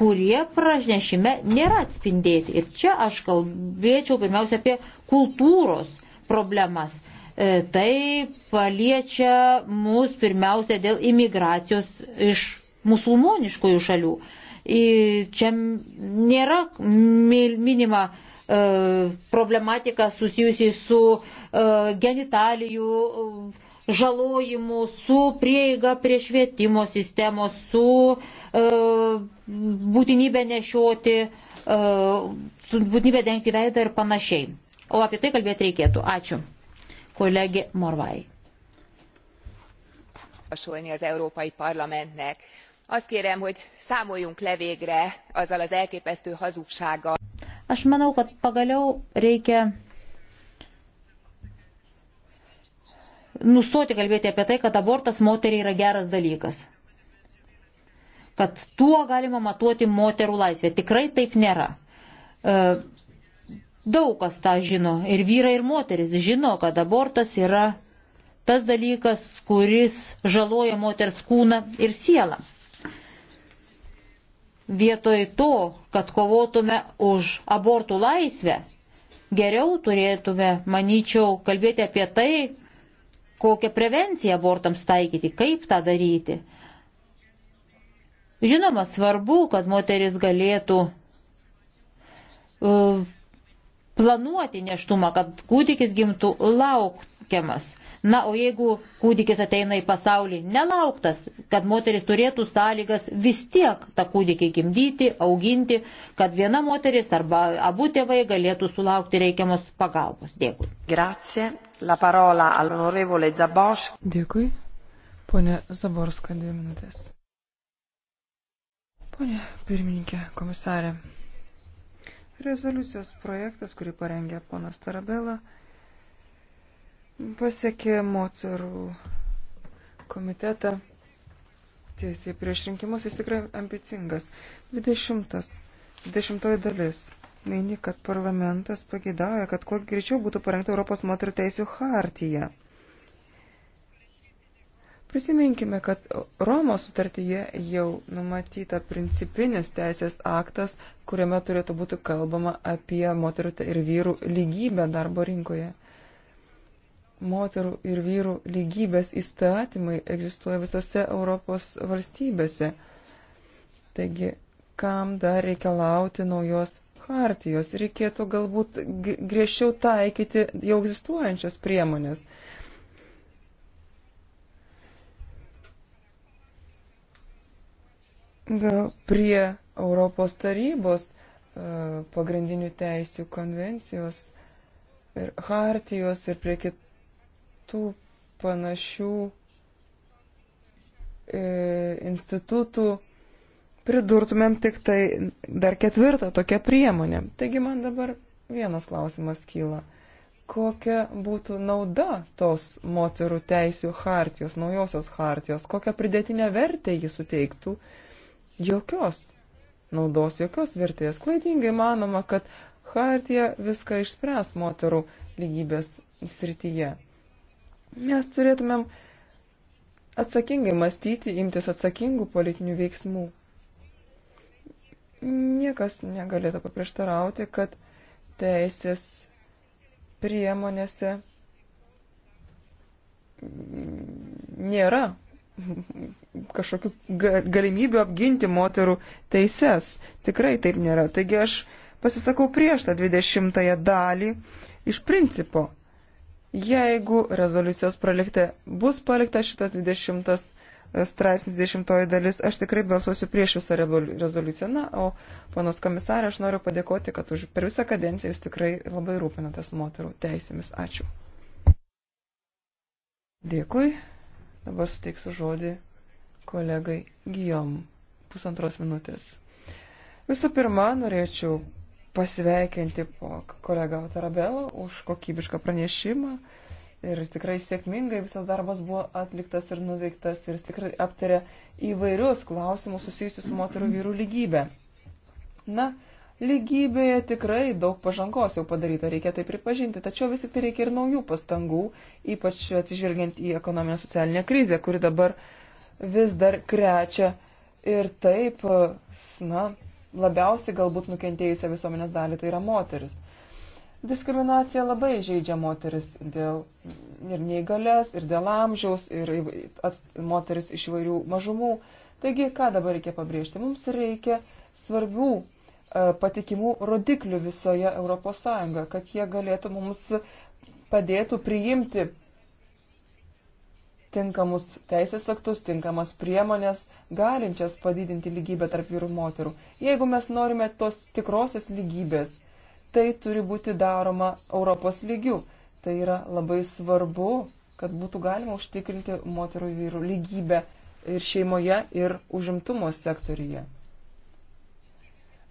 kurie pranešime nėra atspindėti. Ir čia aš kalbėčiau pirmiausia apie kultūros problemas. E, tai paliečia mus pirmiausia dėl imigracijos iš musulmoniškųjų šalių. E, čia nėra minima E, problematiką susijusi su e, genitalijų e, žalojimu, su prieiga prie švietimo sistemos, su būtinybė nešioti, su būtinybė dengti veidą ir panašiai. O apie tai kalbėti reikėtų. Ačiū. Kolegė Morvai. Javasolni az Európai Parlamentnek. Azt kérem, hogy számoljunk le végre azzal az elképesztő hazugsággal. Aš manau, kad pagaliau reikia nustoti kalbėti apie tai, kad abortas moteriai yra geras dalykas. Kad tuo galima matuoti moterų laisvę. Tikrai taip nėra. E, daug kas tą žino. Ir vyrai, ir moteris žino, kad abortas yra tas dalykas, kuris žaloja moters kūną ir sielą. Vietoj to, kad kovotume už abortų laisvę, geriau turėtume, manyčiau, kalbėti apie tai, kokią prevenciją abortams taikyti, kaip tą daryti. Žinoma, svarbu, kad moteris galėtų uh, planuoti neštumą, kad kūdikis gimtų laukiamas. Na, o jeigu kūdikis ateina į pasaulį nelauktas, kad moteris turėtų sąlygas vis tiek tą kūdikį gimdyti, auginti, kad viena moteris arba abu tėvai galėtų sulaukti reikiamos pagalbos. Dėkui. Grazie. La parola all'onorevole Zabosch. Dėkui. Pone Zaborska, dvi minutės. Pone pirmininkė, komisarė. Rezoliucijos projektas, kurį parengė ponas Tarabela, pasiekė moterų komitetą tiesiai prieš rinkimus. Jis tikrai ambicingas. 20. 20 dalis. Meini, kad parlamentas pageidauja, kad kuo greičiau būtų parengta Europos moterų teisų hartija. Prisiminkime, kad Romos sutartyje jau numatyta principinis teisės aktas, kuriame turėtų būti kalbama apie moterų ir vyrų lygybę darbo rinkoje. Moterų ir vyrų lygybės įstatymai egzistuoja visose Europos valstybėse. Taigi, kam dar reikalauti naujos hartijos? Reikėtų galbūt griežčiau taikyti jau egzistuojančias priemonės. prie Europos tarybos e, pagrindinių teisių konvencijos ir hartijos ir prie kitų panašių e, institutų pridurtumėm tik tai dar ketvirtą tokią priemonę. Taigi man dabar vienas klausimas kyla. Kokia būtų nauda tos moterų teisių hartijos, naujosios hartijos, kokią pridėtinę vertę ji suteiktų uh, jokios naudos, jokios vertės. Klaidingai manoma, kad Hartija viską išspręs moterų lygybės srityje. Mes turėtumėm atsakingai mąstyti, imtis atsakingų politinių veiksmų. Niekas negalėtų paprieštarauti, kad teisės priemonėse nėra kažkokių galimybių apginti moterų teises. Tikrai taip nėra. Taigi aš pasisakau prieš tą 20 dalį iš principo. Jeigu rezoliucijos pralikte bus palikta šitas 20 straipsnis 20 dalis, aš tikrai balsuosiu prieš visą rezoliuciją. Na, o panos komisarė, aš noriu padėkoti, kad už, per visą kadenciją jūs tikrai labai rūpinatės moterų teisėmis. Ačiū. Dėkui. Dabar suteiksiu žodį kolegai Gijom pusantros minutės. Visų pirma, norėčiau pasveikinti kolegą Tarabelą už kokybišką pranešimą. Ir tikrai sėkmingai visas darbas buvo atliktas ir nuveiktas ir tikrai aptarė įvairius klausimus susijusius su moterų vyrų lygybė. Na, lygybėje tikrai daug pažangos jau padaryta, reikia tai pripažinti, tačiau vis tik tai reikia ir naujų pastangų, ypač atsižvelgiant į ekonominę socialinę krizę, kuri dabar vis dar krečia ir taip, na, labiausiai galbūt nukentėjusią visuomenės dalį, tai yra moteris. Diskriminacija labai žaidžia moteris dėl ir neįgalės, ir dėl amžiaus, ir ats, moteris iš įvairių mažumų. Taigi, ką dabar reikia pabrėžti? Mums reikia svarbių E, patikimų rodiklių visoje ES, kad jie galėtų mums padėtų priimti tinkamus teisės aktus, tinkamas priemonės, galinčias padidinti lygybę tarp vyrų ir moterų. Jeigu mes norime tos tikrosios lygybės, tai turi būti daroma Europos lygių. Tai yra labai svarbu, kad būtų galima užtikrinti moterų ir vyrų lygybę ir šeimoje, ir užimtumo sektoriuje.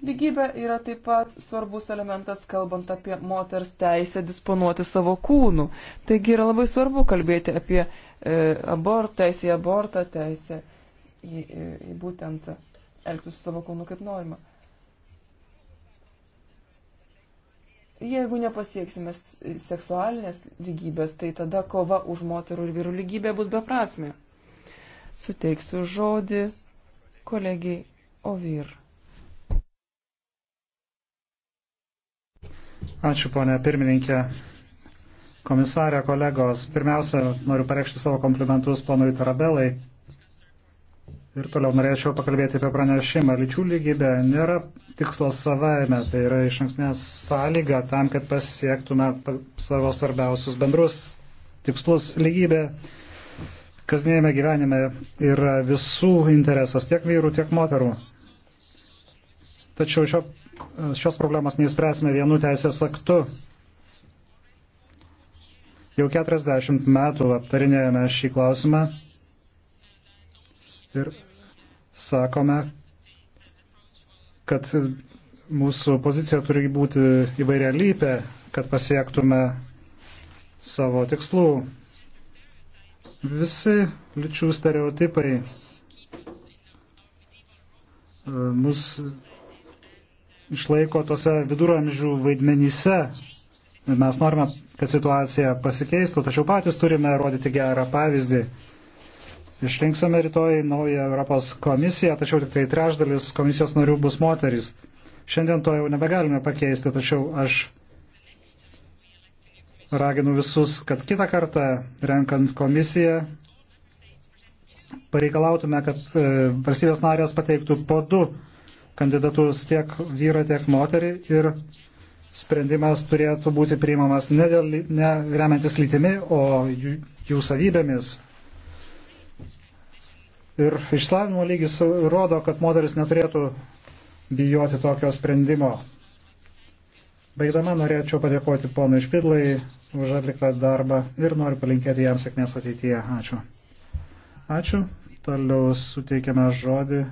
Lygybė yra taip pat svarbus elementas, kalbant apie moters teisę disponuoti savo kūnų. Taigi yra labai svarbu kalbėti apie e, abort, teisę į abortą, teisę į, į, į būtent elgtis su savo kūnu kaip norima. Jeigu nepasieksime seksualinės lygybės, tai tada kova už moterų ir vyrų lygybę bus beprasmė. Suteiksiu žodį kolegiai Ovir. Ačiū, ponė pirmininkė. Komisarė, kolegos, pirmiausia, noriu pareikšti savo komplimentus ponui Tarabelai. Ir toliau norėčiau pakalbėti apie pranešimą. Lyčių lygybė nėra tikslas savaime, tai yra iš anksnės sąlyga tam, kad pasiektume savo svarbiausius bendrus tikslus. Lygybė kasdienėme gyvenime yra visų interesas, tiek vyrų, tiek moterų. Tačiau šio šios problemos neįspręsime vienu teisės aktu. Jau 40 metų aptarinėjame šį klausimą ir sakome, kad mūsų pozicija turi būti įvairialypė, kad pasiektume savo tikslų. Visi lyčių stereotipai e, mus išlaiko tose viduramžių vaidmenyse. Mes norime, kad situacija pasikeistų, tačiau patys turime rodyti gerą pavyzdį. Išrinksime rytoj naują Europos komisiją, tačiau tik tai trešdalis komisijos narių bus moterys. Šiandien to jau nebegalime pakeisti, tačiau aš raginu visus, kad kitą kartą renkant komisiją pareikalautume, kad e, valstybės narės pateiktų po du kandidatus tiek vyrą, tiek moterį ir sprendimas turėtų būti priimamas ne, dėl, ne remiantis lytimi, o jų, jų savybėmis. Ir išslavinimo lygis rodo, kad moteris neturėtų bijoti tokio sprendimo. Baigdama norėčiau padėkoti ponui Špidlai už atliktą darbą ir noriu palinkėti jam sėkmės ateityje. Ačiū. Ačiū. Toliau suteikiame žodį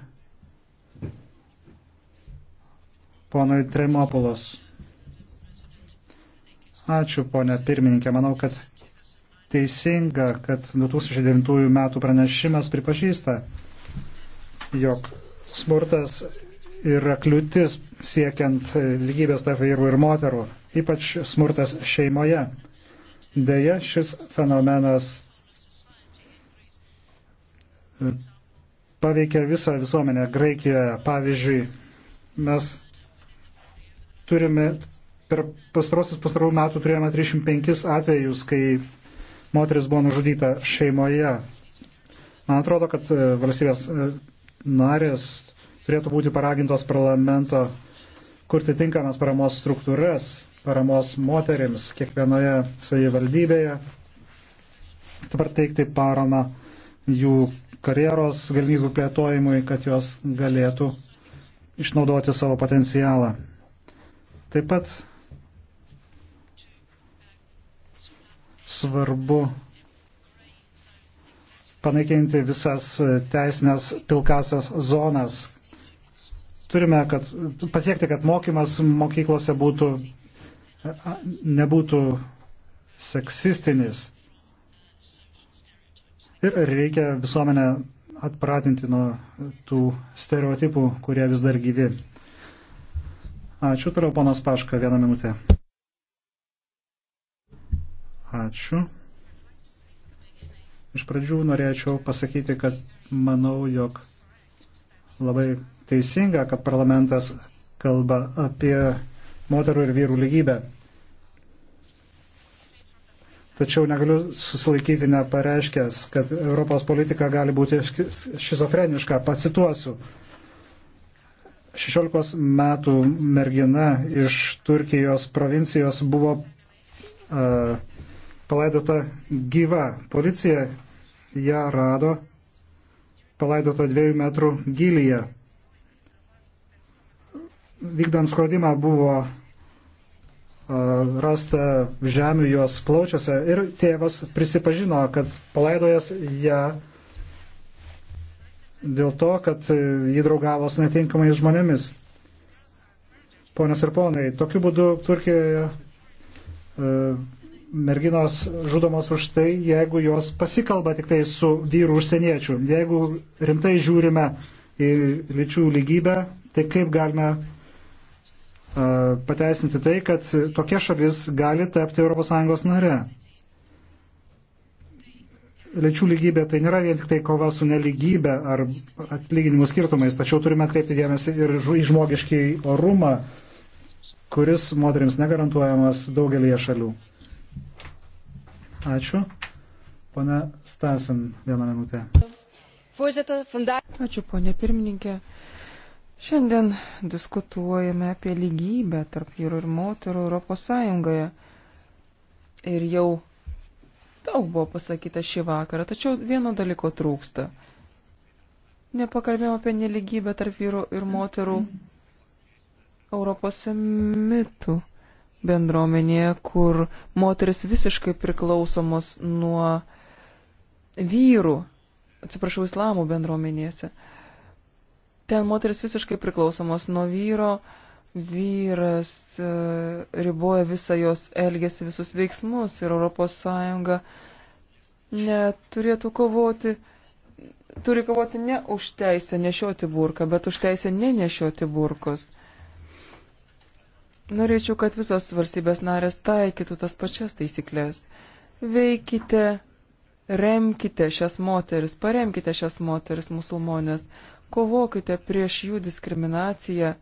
ponui Tremopolos. Ačiū, ponė pirmininkė. Manau, kad teisinga, kad 2009 metų pranešimas pripažįsta, jog smurtas yra kliūtis siekiant lygybės tarp vyrų ir moterų, ypač smurtas šeimoje. Deja, šis fenomenas paveikia visą visuomenę Graikijoje. Pavyzdžiui, mes turime per pastarosius pastarų metų turėjome 305 atvejus, kai moteris buvo nužudyta šeimoje. Man atrodo, kad e, valstybės e, narės turėtų būti paragintos parlamento kurti tinkamas paramos struktūras, paramos moterims kiekvienoje savivaldybėje, dabar teikti paramą jų karjeros galimybių plėtojimui, kad jos galėtų išnaudoti savo potencialą. Taip pat svarbu panaikinti visas teisinės pilkasias zonas. Turime kad, pasiekti, kad mokymas mokyklose būtų, nebūtų seksistinis. Ir reikia visuomenę atpratinti nuo tų stereotipų, kurie vis dar gyvi. Ačiū, toliau ponas Paška, vieną minutę. Ačiū. Iš pradžių norėčiau pasakyti, kad manau, jog labai teisinga, kad parlamentas kalba apie moterų ir vyrų lygybę. Tačiau negaliu susilaikyti nepareiškęs, kad Europos politika gali būti šizofreniška. Pacituosiu. 16 metų mergina iš Turkijos provincijos buvo uh, palaidota gyva. Policija ją rado palaidota dviejų metrų gilyje. Vykdant skrodimą buvo uh, rasta žemių jos plaučiuose ir tėvas prisipažino, kad palaidojas ją dėl to, kad jį draugavo su netinkamai žmonėmis. Ponios ir ponai, tokiu būdu Turkijoje e, merginos žudomos už tai, jeigu jos pasikalba tik tai su vyru užsieniečiu. Jeigu rimtai žiūrime į lyčių lygybę, tai kaip galime e, pateisinti tai, kad tokia šalis gali tapti ES nare lyčių lygybė tai nėra vien tik tai kova su neligybė ar atlyginimų skirtumais, tačiau turime atkreipti dėmesį ir į žmogiškį orumą, kuris moteriams negarantuojamas daugelie šalių. Ačiū. Pone Stasin, vieną minutę. Ačiū, ponė pirmininkė. Šiandien diskutuojame apie lygybę tarp vyrų ir moterų Europos Sąjungoje. Ir jau Daug buvo pasakyta šį vakarą, tačiau vieno dalyko trūksta. Nepakalbėjome apie neligybę tarp vyrų ir moterų Europos mitų bendruomenėje, kur moteris visiškai priklausomos nuo vyrų, atsiprašau, islamų bendruomenėse. Ten moteris visiškai priklausomos nuo vyro, uh, vyras e, riboja visą jos elgesį, visus veiksmus ir ES neturėtų kovoti, turi kovoti ne už teisę nešioti burką, bet už teisę nenešioti burkos. Norėčiau, kad visos valstybės narės taikytų tas pačias taisyklės. Veikite, remkite šias moteris, paremkite šias moteris musulmonės, kovokite prieš jų diskriminaciją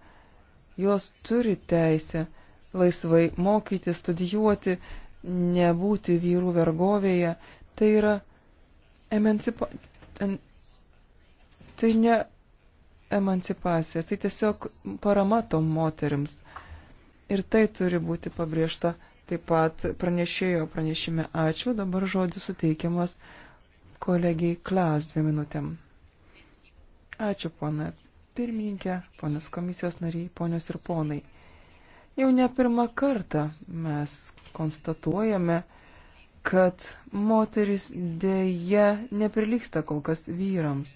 Jos turi teisę laisvai mokyti, studijuoti, nebūti vyrų vergovėje. Tai yra emancipa... Tai ne emancipacija, tai tiesiog parama tom moterims. Ir tai turi būti pabrėžta taip pat pranešėjo pranešime. Ačiū, dabar žodis suteikiamas kolegijai Klas dvi minutėm. Ačiū, ponai pirmininkė, ponas komisijos nariai, ponios ir ponai. Jau ne pirmą kartą mes konstatuojame, kad moteris dėje neprilyksta kol kas vyrams.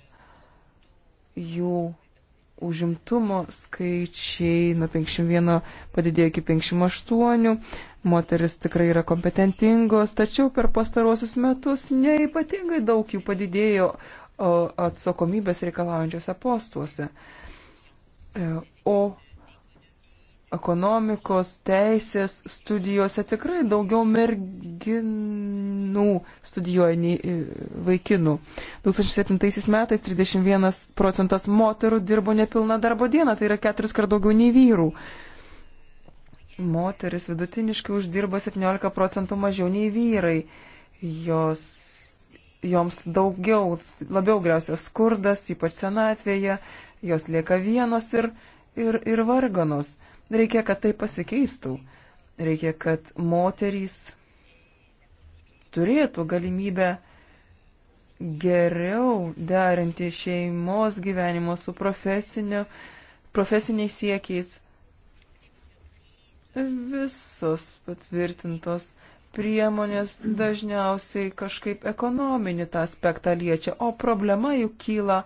Jų užimtumo skaičiai nuo 51 padidėjo iki 58, moteris tikrai yra kompetentingos, tačiau per pastaruosius metus neipatingai daug jų padidėjo atsakomybės reikalaujančiose postuose. E, o ekonomikos, teisės studijose tikrai daugiau merginų studijuoja nei e, vaikinų. 2007 metais 31 procentas moterų dirbo nepilną darbo dieną, tai yra keturis kart daugiau nei vyrų. Moteris vidutiniškai uždirba 17 procentų mažiau nei vyrai. Jos joms daugiau, labiau greusia skurdas, ypač senatvėje, jos lieka vienos ir, ir, ir varganos. Reikia, kad tai pasikeistų. Reikia, kad moterys turėtų galimybę geriau derinti šeimos gyvenimo su profesiniais siekiais. Visos patvirtintos priemonės dažniausiai kažkaip ekonominį tą aspektą liečia, o problema juk kyla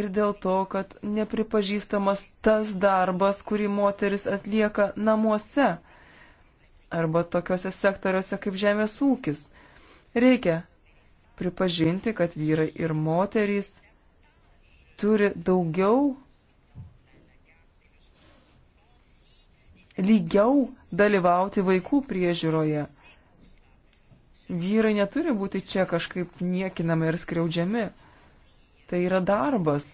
ir dėl to, kad nepripažįstamas tas darbas, kurį moteris atlieka namuose arba tokiuose sektoriuose kaip žemės ūkis. Reikia pripažinti, kad vyrai ir moterys turi daugiau lygiau dalyvauti vaikų priežiūroje. Vyrai neturi būti čia kažkaip niekinami ir skriaudžiami. Tai yra darbas.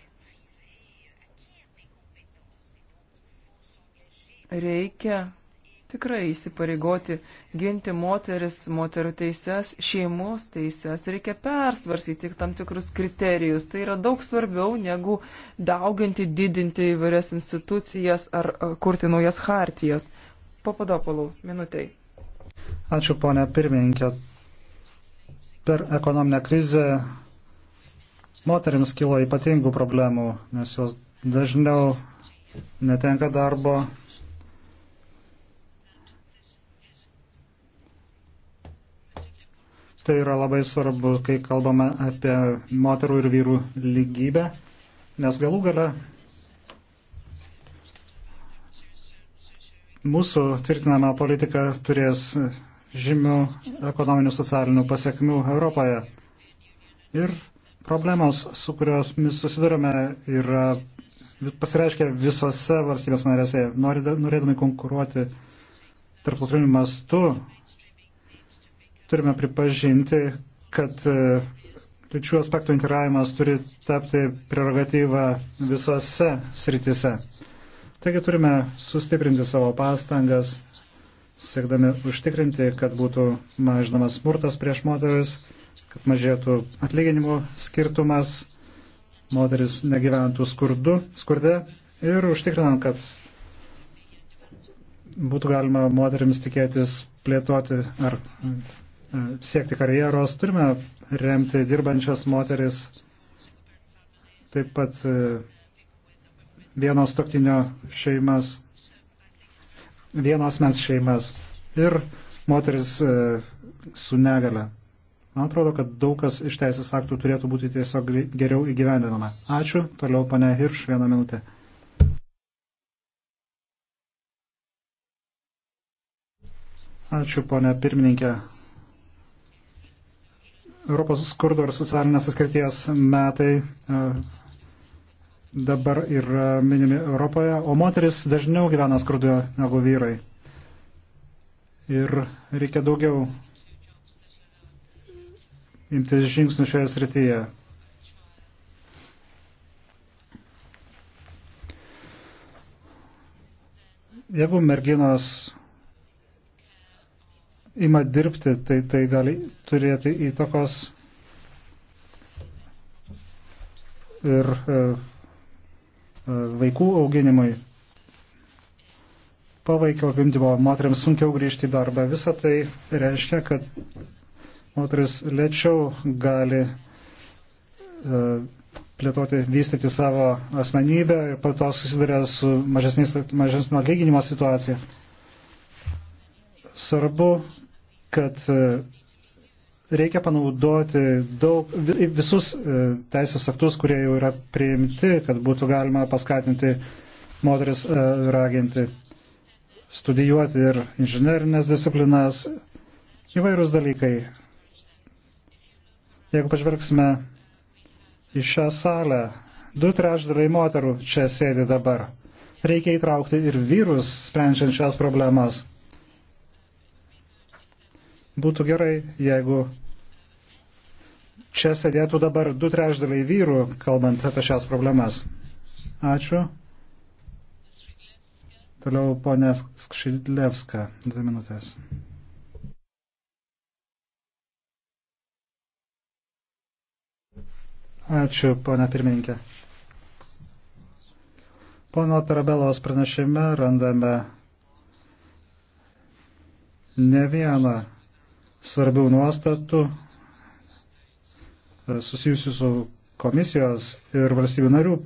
Reikia tikrai įsipareigoti ginti moteris, moterų teises, šeimos teises. Reikia persvarsyti tam tikrus kriterijus. Tai yra daug svarbiau negu dauginti, didinti įvairias institucijas ar kurti naujas hartijas. Papadopolau, minutai. Ačiū, ponia pirmininkė. Per ekonominę krizę moteriams kilo ypatingų problemų, nes jos dažniau netenka darbo Tai yra labai svarbu, kai kalbame apie moterų ir vyrų lygybę, nes galų gale mūsų tvirtinama politika turės žymių ekonominių socialinių pasiekmių Europoje. Ir problemos, su kuriomis susidurime, yra pasireiškia visose valstybės narėse. Norėdami konkuruoti tarptautiniu mastu, turime pripažinti, kad e, lyčių aspektų integravimas turi tapti prerogatyvą visose sritise. Taigi turime sustiprinti savo pastangas, siekdami užtikrinti, kad būtų mažinamas smurtas prieš moteris, kad mažėtų atlyginimų skirtumas, moteris negyventų skurdu, skurde ir užtikrinant, kad būtų galima moteriams tikėtis plėtoti ar siekti karjeros, turime remti dirbančias moteris, taip pat e, vieno stoktinio šeimas, vieno asmens šeimas ir moteris e, su negale. Man atrodo, kad daug kas iš teisės aktų turėtų būti tiesiog geriau įgyvendinama. Ačiū. Toliau pane Hirš, vieną minutę. Ačiū, ponė pirmininkė. Europos skurdo ir socialinės atskirties metai e, dabar yra minimi Europoje, o moteris dažniau gyvena skurdoje negu vyrai. Ir reikia daugiau imtis žingsnių šioje srityje. Jeigu merginos ima dirbti, tai tai gali turėti įtakos ir e, e, vaikų auginimui. Pavaikio gimdymo moteriams sunkiau grįžti į darbą. Visą tai reiškia, kad moteris lėčiau gali e, plėtoti, vystyti savo asmenybę ir po to susiduria su mažesnio atlyginimo situacija. Svarbu kad e, reikia panaudoti daug, visus e, teisės aktus, kurie jau yra priimti, kad būtų galima paskatinti moteris e, raginti studijuoti ir inžinerinės disciplinas, įvairūs dalykai. Jeigu pažvelgsime į šią salę, du trešdaliai moterų čia sėdi dabar. Reikia įtraukti ir vyrus, sprendžiant šias problemas. Būtų gerai, jeigu čia sėdėtų dabar du trešdaliai vyrų, kalbant apie šias problemas. Ačiū. Toliau ponė Skšidlevska, dvi minutės. Ačiū, ponė pirmininkė. Pono Tarabelos pranešime randame ne vieną svarbių nuostatų e, susijusių su komisijos ir valstybių narių e,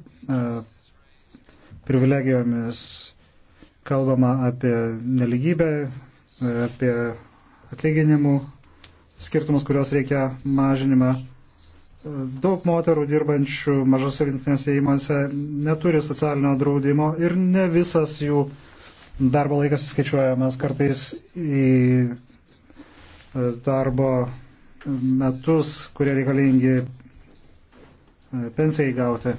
privilegijomis. Kalbama apie neligybę, e, apie atlyginimų skirtumus, kuriuos reikia mažinimą. Daug moterų dirbančių mažose vintinėse įmonėse neturi socialinio draudimo ir ne visas jų darbo laikas įskaičiuojamas kartais į darbo metus, kurie reikalingi e, pensijai gauti.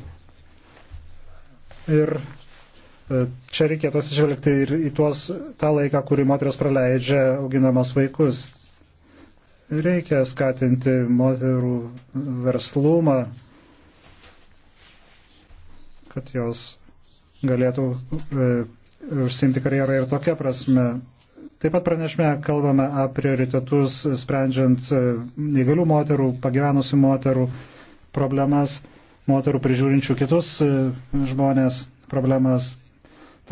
Ir e, čia reikėtų atsižvelgti ir į tuos, tą laiką, kurį moteris praleidžia auginamas vaikus. Reikia skatinti moterų verslumą, kad jos galėtų e, užsimti karjerą ir tokia prasme Taip pat pranešime kalbame apie prioritetus sprendžiant e, neįgalių moterų, pagyvenusių moterų problemas, moterų prižiūrinčių kitus e, žmonės problemas.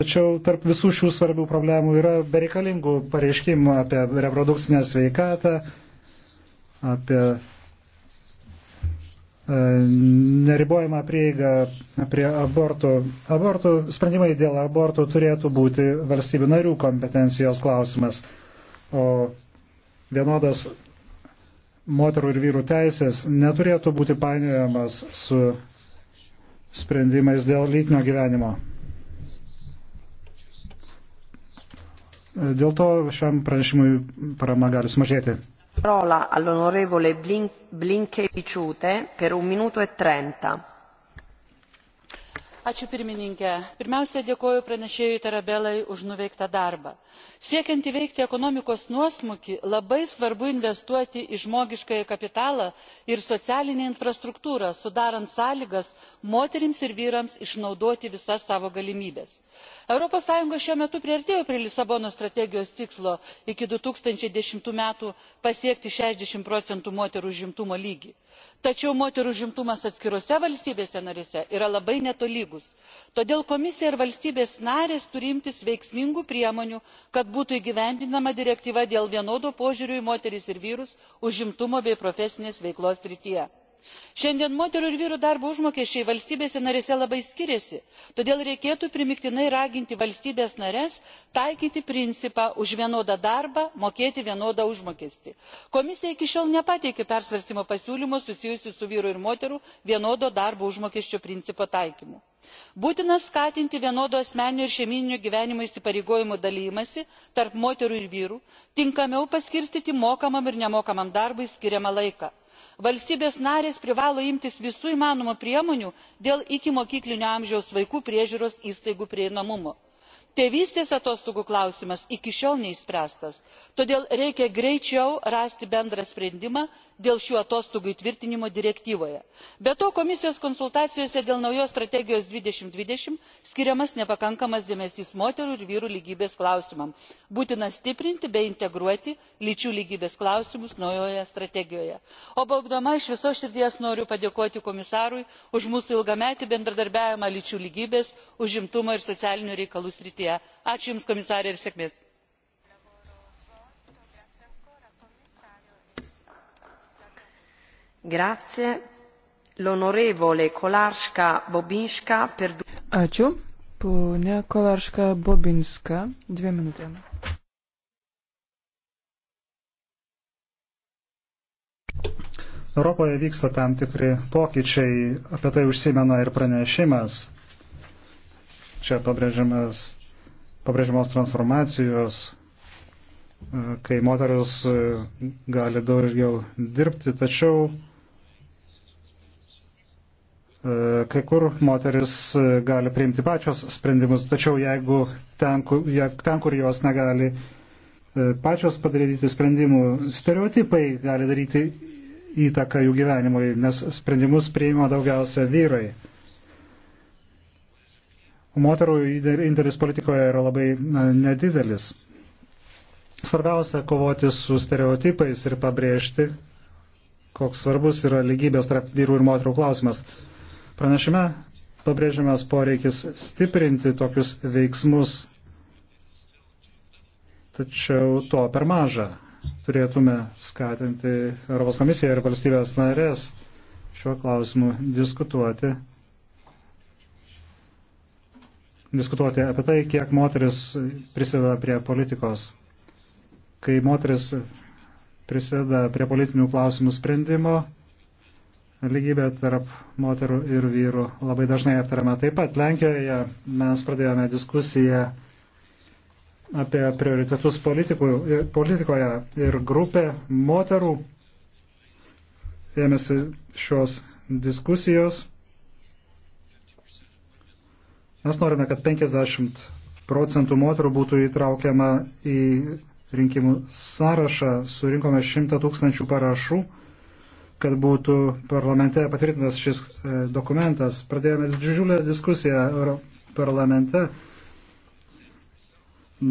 Tačiau tarp visų šių svarbių problemų yra bereikalingų pareiškimų apie reprodukcinę sveikatą, apie E, neribojama prieiga prie abortų. abortų. Sprendimai dėl abortų turėtų būti valstybių narių kompetencijos klausimas, o vienodas moterų ir vyrų teisės neturėtų būti painiojamas su sprendimais dėl lytinio gyvenimo. Dėl to šiam pranešimui parama gali sumažėti. Parola all'onorevole Blinkevičiūtė per un minuto e trenta pirmiausia dėkoju pranešėjui tarabellai už nuveiktą darbą. siekiant įveikti ekonomikos nuosmukį labai svarbu investuoti į žmogiškąjį kapitalą ir socialinę infrastruktūrą sudarant sąlygas moterims ir vyrams išnaudoti visas savo galimybes. europos sąjunga šiuo metu priartėjo prie lisabonos strategijos tikslo iki du tūkstančiai dešimt metų pasiekti šešiasdešimt procentų moterų užimtumo lygį tačiau moterų užimtumas atskirose valstybėse narėse yra labai netolygus lygūs todėl komisija ir valstybės narės turi imtis veiksmingų priemonių kad būtų įgyvendinama direktyva dėl vienodo požiūrio į moteris ir vyrus užimtumo bei profesinės veiklos srityje. šiandien moterų ir vyrų darbo užmokesčiai valstybėse narėse labai skiriasi todėl reikėtų primygtinai raginti valstybes nares taikyti principą už vienodą darbą mokėti vienodą užmokestį. komisija iki šiol nepateikė persvarstymo pasiūlymų susijusių su vyrų ir moterų vienodo darbo užmokesčio principo taikymu būtina skatinti vienodų asmeninio ir šeimyninio gyvenimo įsipareigojimų dalijimąsi tarp moterų ir vyrų tinkamiau paskirstyti mokamam ir nemokamam darbui skiriamą laiką. valstybės narės privalo imtis visų įmanomų priemonių dėl ikimokyklinio amžiaus vaikų priežiūros įstaigų prieinamumo tėvystės atostogų klausimas iki šiol neišspręstas todėl reikia greičiau rasti bendrą sprendimą dėl šių atostogų įtvirtinimo direktyvoje. be to komisijos konsultacijose dėl naujos strategijos two thousand and twenty skiriamas nepakankamas dėmesys moterų ir vyrų lygybės klausimams. būtina stiprinti bei integruoti lyčių lygybės klausimus naujoje strategijoje. o baigdama iš visos širdies noriu padėkoti komisarui už mūsų ilgametį bendradarbiavimą lyčių lygybės užimtumo ir socialinių reikalų srityje ateityje. ačiū jums komisare ir sėkmės! Ačiū. Pone Kolarška Bobinska, dvi minutėm. Europoje vyksta tam tikri pokyčiai, apie tai užsimena ir pranešimas. Čia pabrėžiamas pabrėžiamos transformacijos, e, kai moteris e, gali daug ilgiau dirbti, tačiau e, kai kur moteris gali priimti pačios sprendimus, tačiau jeigu ten, ten kur jos negali pačios padaryti sprendimų, stereotipai gali daryti įtaką jų gyvenimui, nes sprendimus priima daugiausia vyrai moterų indėlis politikoje yra labai nedidelis. Svarbiausia kovoti su stereotipais ir pabrėžti, koks svarbus yra lygybės tarp vyrų ir moterų klausimas. Pranešime pabrėžiamas poreikis stiprinti tokius veiksmus, tačiau to per maža. Turėtume skatinti Europos komisiją ir valstybės narės šiuo klausimu diskutuoti diskutuoti apie tai, kiek moteris prisideda prie politikos. Kai moteris prisideda prie politinių klausimų sprendimo, lygybė tarp moterų ir vyrų labai dažnai aptariama. Taip pat Lenkijoje mes pradėjome diskusiją apie prioritetus politikų, politikoje ir grupė moterų ėmėsi šios diskusijos. Mes norime, kad 50 procentų moterų būtų įtraukiama į rinkimų sąrašą. Surinkome 100 tūkstančių parašų, kad būtų parlamente patvirtintas šis e, dokumentas. Pradėjome didžiulę diskusiją parlamente,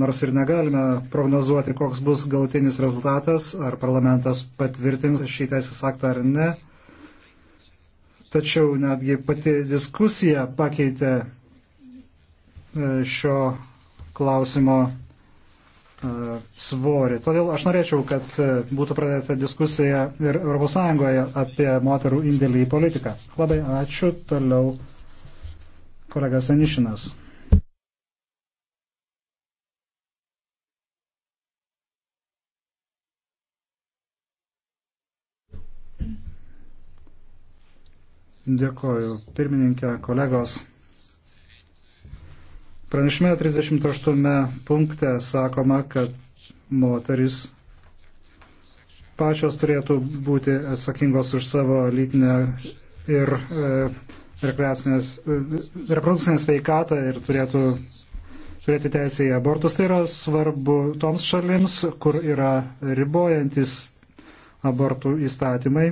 nors ir negalime prognozuoti, koks bus gautinis rezultatas, ar parlamentas patvirtins šį teisės aktą ar ne. Tačiau netgi pati diskusija pakeitė E, šio klausimo e, svorį. Todėl aš norėčiau, kad e, būtų pradėta diskusija ir ES apie moterų indėlį į politiką. Labai ačiū. Toliau kolega Sanišinas. Dėkoju, pirmininkė, kolegos. Pranešime 38 punkte sakoma, kad moteris pačios turėtų būti atsakingos už savo lytinę ir e, e, reprodukcinę sveikatą ir turėtų turėti teisę į abortus. Tai yra svarbu toms šalims, kur yra ribojantis abortų įstatymai.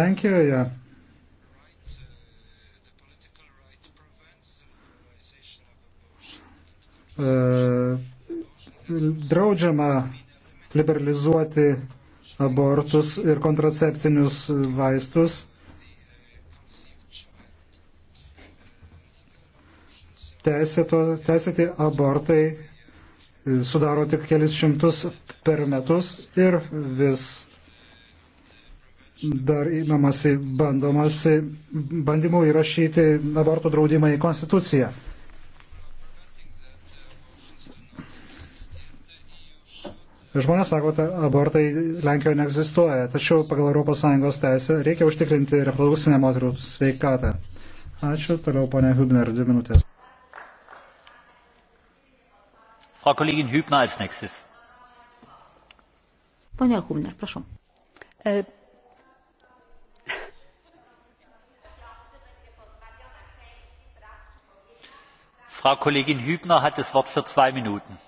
Lenkijoje E, draudžiama liberalizuoti abortus ir kontraceptinius vaistus. Teisėto, teisėti abortai sudaro tik kelis šimtus per metus ir vis dar įmamasi bandomasi bandymų įrašyti abortų draudimą į Konstituciją. Žmonės sako, kad abortai Lenkijoje neegzistuoja, tačiau pagal ES teisę reikia užtikrinti reprodukcinę moterų sveikatą. Ačiū, toliau ponia Hübner, dvi minutės. Frau Kollegin Hübner als nächstes. Ponia Hübner, prašom. E... Frau Kollegin Hübner hat das Wort für zwei Minuten.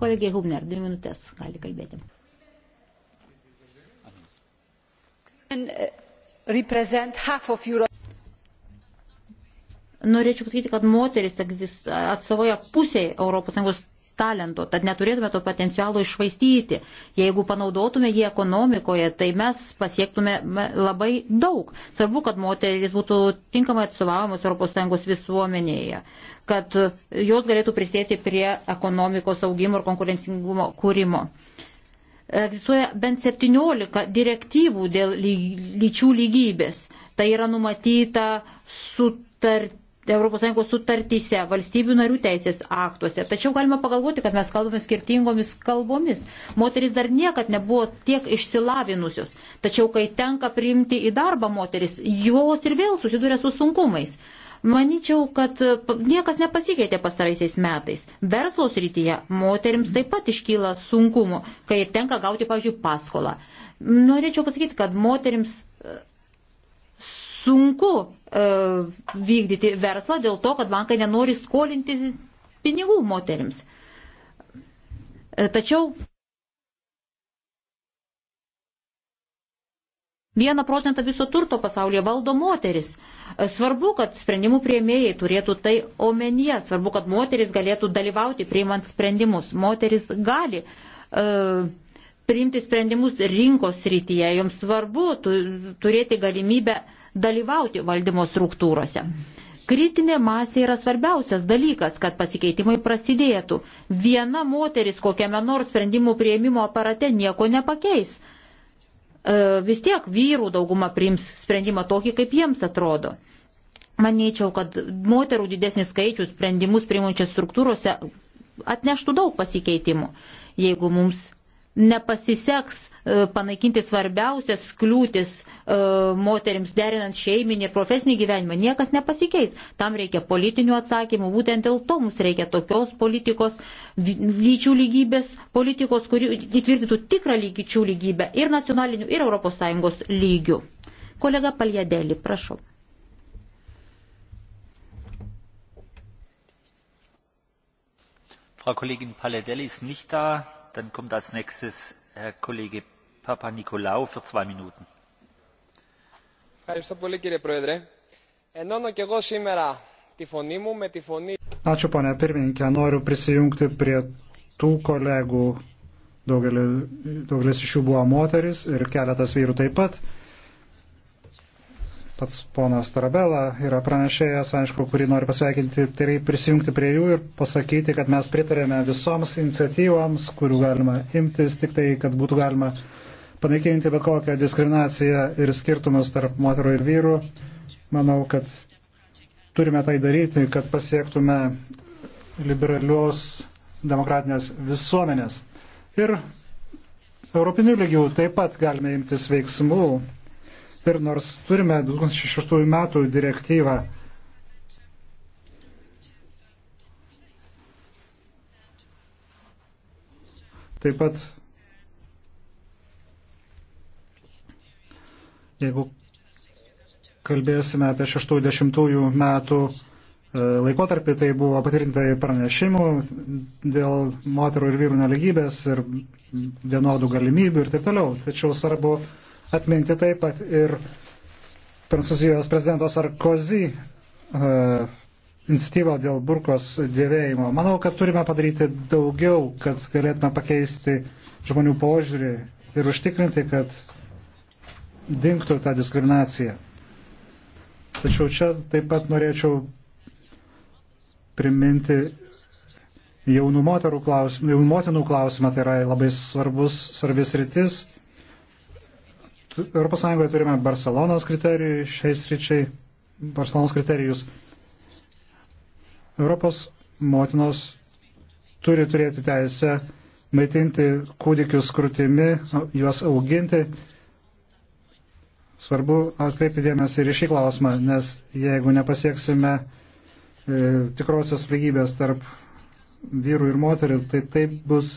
Kolegė Hubner, dvi minutės gali kalbėti. Uh, Norėčiau pasakyti, kad moteris atstovauja pusė ES talento, tad neturėtume to potencialo išvaistyti. Jeigu panaudotume jį ekonomikoje, tai mes pasiektume labai daug. Svarbu, kad moteris būtų tinkamai atstovavimas ES visuomenėje kad jos galėtų pristėti prie ekonomikos augimo ir konkurencingumo kūrimo egzistuoja bent 17 direktyvų dėl lyčių lygybės. Tai yra numatyta sutartis ES sutartyse, valstybių narių teisės aktuose. Tačiau galima pagalvoti, kad mes kalbame skirtingomis kalbomis. Moteris dar niekad nebuvo tiek išsilavinusios. Tačiau, kai tenka priimti į darbą moteris, jos ir vėl susiduria su sunkumais. Maničiau, kad niekas nepasikeitė pastaraisiais metais. Verslo srityje moterims taip pat iškyla sunkumų, kai tenka gauti, pavyzdžiui, paskolą. Norėčiau pasakyti, kad moterims sunku e, vykdyti verslą dėl to, kad bankai nenori skolinti pinigų moterims. E, tačiau Vieną procentą viso turto pasaulyje valdo moteris. E, svarbu, kad sprendimų prieimėjai turėtų tai omenyje. Svarbu, kad moteris galėtų dalyvauti priimant sprendimus. Moteris gali uh, priimti sprendimus rinkos srityje. Joms svarbu turėti galimybę uh, dalyvauti valdymo struktūrose. Kritinė masė yra svarbiausias dalykas, kad pasikeitimai prasidėtų. Viena moteris kokiame nors sprendimų prieimimo aparate nieko nepakeis. E, vis tiek vyrų dauguma priims sprendimą tokį, kaip jiems atrodo. Manyčiau, kad moterų didesnis skaičius sprendimus priimančias struktūrose atneštų daug pasikeitimų. Jeigu mums nepasiseks e, panaikinti svarbiausias kliūtis e, moteriams derinant šeiminį ir profesinį gyvenimą. Niekas nepasikeis. Tam reikia politinių atsakymų. Būtent dėl to mums reikia tokios politikos, lyčių lygybės politikos, kuri įtvirtintų tikrą lyčių lygybę ir nacionalinių, ir ES lygių. Kolega Paljadėlį, prašau. Frau Kollegin Paljadėlį ist nicht da. Dann kommt als nächstes Herr Kollege Papanikolaou für zwei Minuten. Ευχαριστώ πολύ κύριε Πρόεδρε. Ενώνω και εγώ σήμερα τη φωνή μου με τη φωνή... Ačiū, ponia pirmininkė. Noriu prisijungti prie tų kolegų, daugelis, daugelis iš jų buvo moteris ir keletas vyrų taip pat, Pats ponas Tarabela yra pranešėjas, aišku, kurį noriu pasveikinti, tai prisijungti prie jų ir pasakyti, kad mes pritarėme visoms iniciatyvoms, kurių galima imtis, tik tai, kad būtų galima panaikinti bet kokią diskriminaciją ir skirtumus tarp moterų ir vyrų. Manau, kad turime tai daryti, kad pasiektume liberalios demokratinės visuomenės. Ir europinių lygių taip pat galime imtis veiksmų Ir nors turime 2006 metų direktyvą, taip pat jeigu kalbėsime apie 60 metų e, laikotarpį, tai buvo patvirtinta pranešimų dėl moterų ir vyrų neligybės ir vienodų galimybių ir taip toliau. Tačiau svarbu atminti taip pat ir Prancūzijos prezidento Sarkozy uh, e, iniciatyvą dėl burkos dėvėjimo. Manau, kad turime padaryti daugiau, kad galėtume pakeisti žmonių požiūrį ir užtikrinti, kad dinktų ta diskriminacija. Tačiau čia taip pat norėčiau priminti jaunų moterų klausimą, jaunų motinų klausimą, tai yra labai svarbus, svarbis rytis Europos Sąjungoje turime Barcelonos kriterijų, šiais ryčiai Barcelonos kriterijus. Europos motinos turi turėti teisę maitinti kūdikius krūtimi, juos auginti. Svarbu atkreipti dėmesį ir į šį klausimą, nes jeigu nepasieksime e, tikrosios lygybės tarp vyrų ir moterių, tai taip bus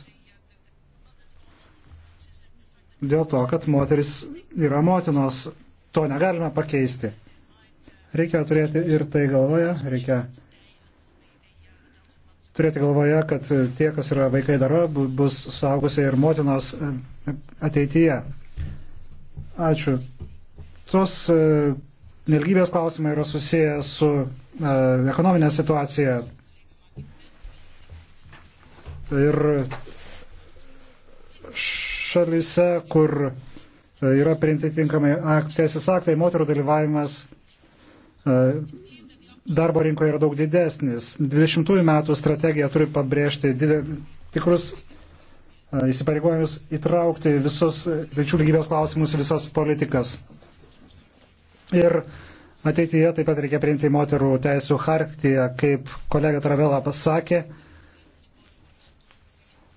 dėl to, kad moteris yra motinos. To negalime pakeisti. Reikia turėti ir tai galvoje, reikia turėti galvoje, kad tie, kas yra vaikai daro, bus suaugusiai ir motinos e, ateityje. Ačiū. Tos e, nelgybės klausimai yra susiję su e, ekonominė situacija. Ir šalise, kur e, yra priimti tinkamai teisės aktai, moterų dalyvavimas e, darbo rinkoje yra daug didesnis. 20 metų strategija turi pabrėžti didel, tikrus e, įsipareigojimus įtraukti visus lyčių lygybės klausimus į visas politikas. Ir ateityje taip pat reikia priimti moterų teisų hartiją, kaip kolega Travela pasakė.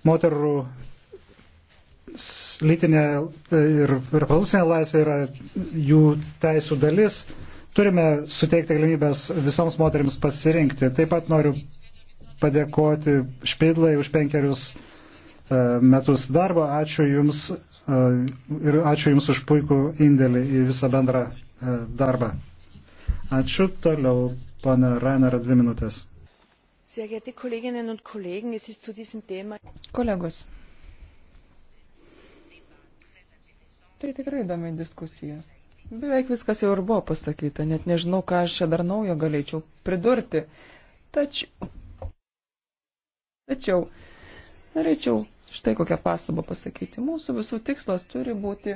Moterų lytinė ir reprodukcinė laisvė yra jų teisų dalis. Turime suteikti galimybės visoms moteriams pasirinkti. Taip pat noriu padėkoti Špidlai už penkerius e, metus darbo. Ačiū Jums e, ir ačiū Jums už puikų indėlį į visą bendrą e, darbą. Ačiū toliau, pana Rainer, dvi minutės. Kolegos, Tai tikrai įdomi diskusija. Beveik viskas jau ir buvo pasakyta, net nežinau, ką aš čia dar naujo galėčiau pridurti. Tačiau, tačiau norėčiau štai kokią pastabą pasakyti. Mūsų visų tikslas turi būti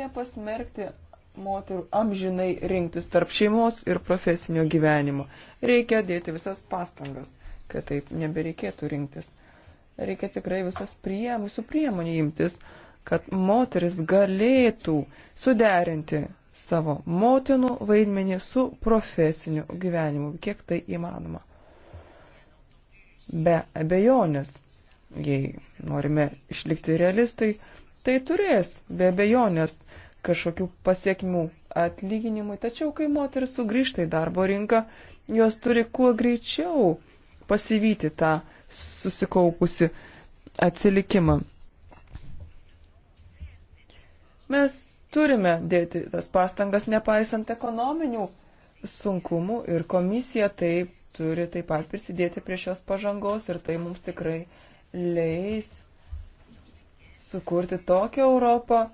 nepasmerkti moterų amžinai rinktis tarp šeimos ir profesinio gyvenimo. Reikia dėti visas pastangas, kad taip nebereikėtų rinktis reikia tikrai visas prie, visų priemonių imtis, kad moteris galėtų suderinti savo motinų vaidmenį su profesiniu gyvenimu, kiek tai įmanoma. Be abejonės, jei norime išlikti realistai, tai turės be abejonės kažkokių pasiekmių atlyginimui. Tačiau, kai moteris sugrįžta į darbo rinką, jos turi kuo greičiau pasivyti tą susikaupusi atsilikimą. Mes turime dėti tas pastangas nepaisant ekonominių sunkumų ir komisija taip turi taip pat prisidėti prie šios pažangos ir tai mums tikrai leis sukurti tokią Europą,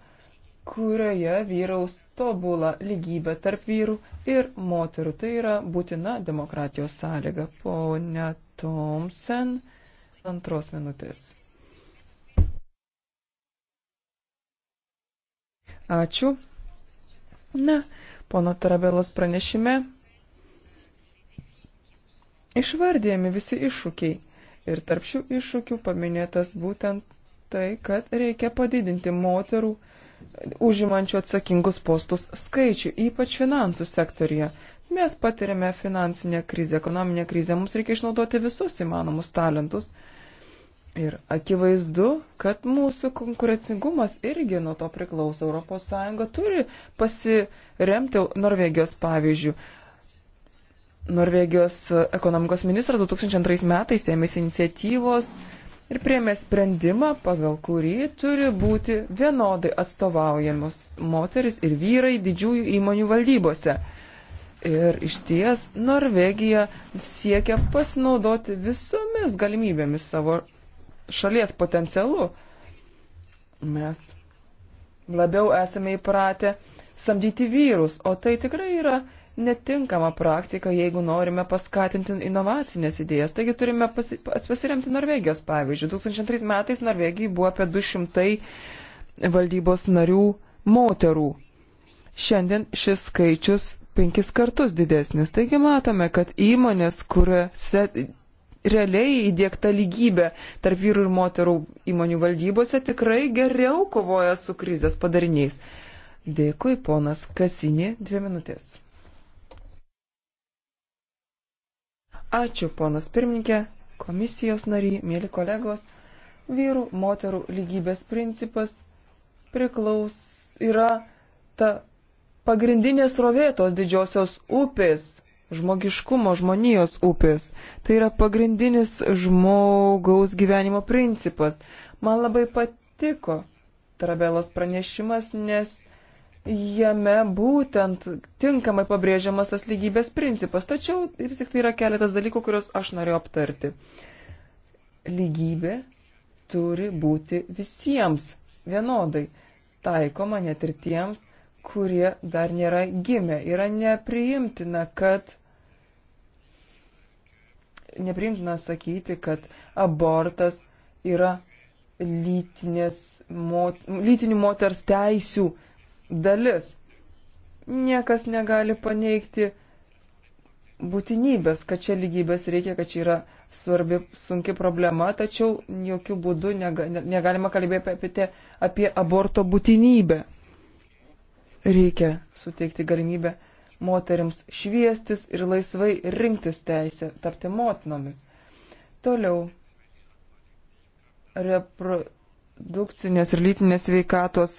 kurioje vyraus tobula lygybė tarp vyrų ir moterų. Tai yra būtina demokratijos sąlyga. Pone Thompson, antros minutės. Ačiū. Na, pono Tarabelos pranešime išvardėjami visi iššūkiai. Ir tarp šių iššūkių paminėtas būtent tai, kad reikia padidinti moterų užimančių atsakingus postus skaičių, ypač finansų sektorija. Mes patiriame finansinę krizę, ekonominę krizę, mums reikia išnaudoti visus įmanomus talentus. Ir akivaizdu, kad mūsų konkurencingumas irgi nuo to priklauso. ES turi pasiremti Norvegijos pavyzdžių. Norvegijos ekonomikos ministras 2002 metais ėmėsi iniciatyvos uh, ir priemė sprendimą, pagal kurį turi būti vienodai atstovaujamos moteris ir vyrai didžiųjų įmonių valdybose. Ir iš ties Norvegija siekia pasinaudoti visomis galimybėmis savo šalies potencialu. Mes labiau esame įpratę samdyti vyrus, o tai tikrai yra netinkama praktika, jeigu norime paskatinti inovacinės idėjas. Taigi turime pasi, pasiremti Norvegijos pavyzdžių. 2003 metais Norvegijai buvo apie 200 valdybos narių moterų. Šiandien šis skaičius penkis kartus didesnis. Taigi matome, kad įmonės, kuriuose realiai įdėkta lygybė tarp vyrų ir moterų įmonių valdybose, tikrai geriau kovoja su krizės padariniais. Dėkui, ponas Kasinė, dvi minutės. Ačiū, ponas pirmininkė, komisijos nariai, mėly kolegos. Vyrų, moterų lygybės principas priklaus yra ta pagrindinė srovė tos didžiosios upės, žmogiškumo, žmonijos upės. Tai yra pagrindinis žmogaus gyvenimo principas. Man labai patiko Trabelos pranešimas, nes jame būtent tinkamai pabrėžiamas tas lygybės principas. Tačiau vis tik tai yra keletas dalykų, kuriuos aš noriu aptarti. Lygybė turi būti visiems vienodai taikoma net ir tiems, kurie dar nėra gimę. Yra nepriimtina, kad nepriimtina sakyti, kad abortas yra lytinės, mot, lytinių moters teisių dalis. Niekas negali paneigti būtinybės, kad čia lygybės reikia, kad čia yra svarbi, sunki problema, tačiau jokių būdų nega, negalima kalbėti apie, te, apie aborto būtinybę. Reikia suteikti galimybę moteriams šviestis ir laisvai rinktis teisę tapti motinomis. Toliau. Reprodukcinės ir lytinės veikatos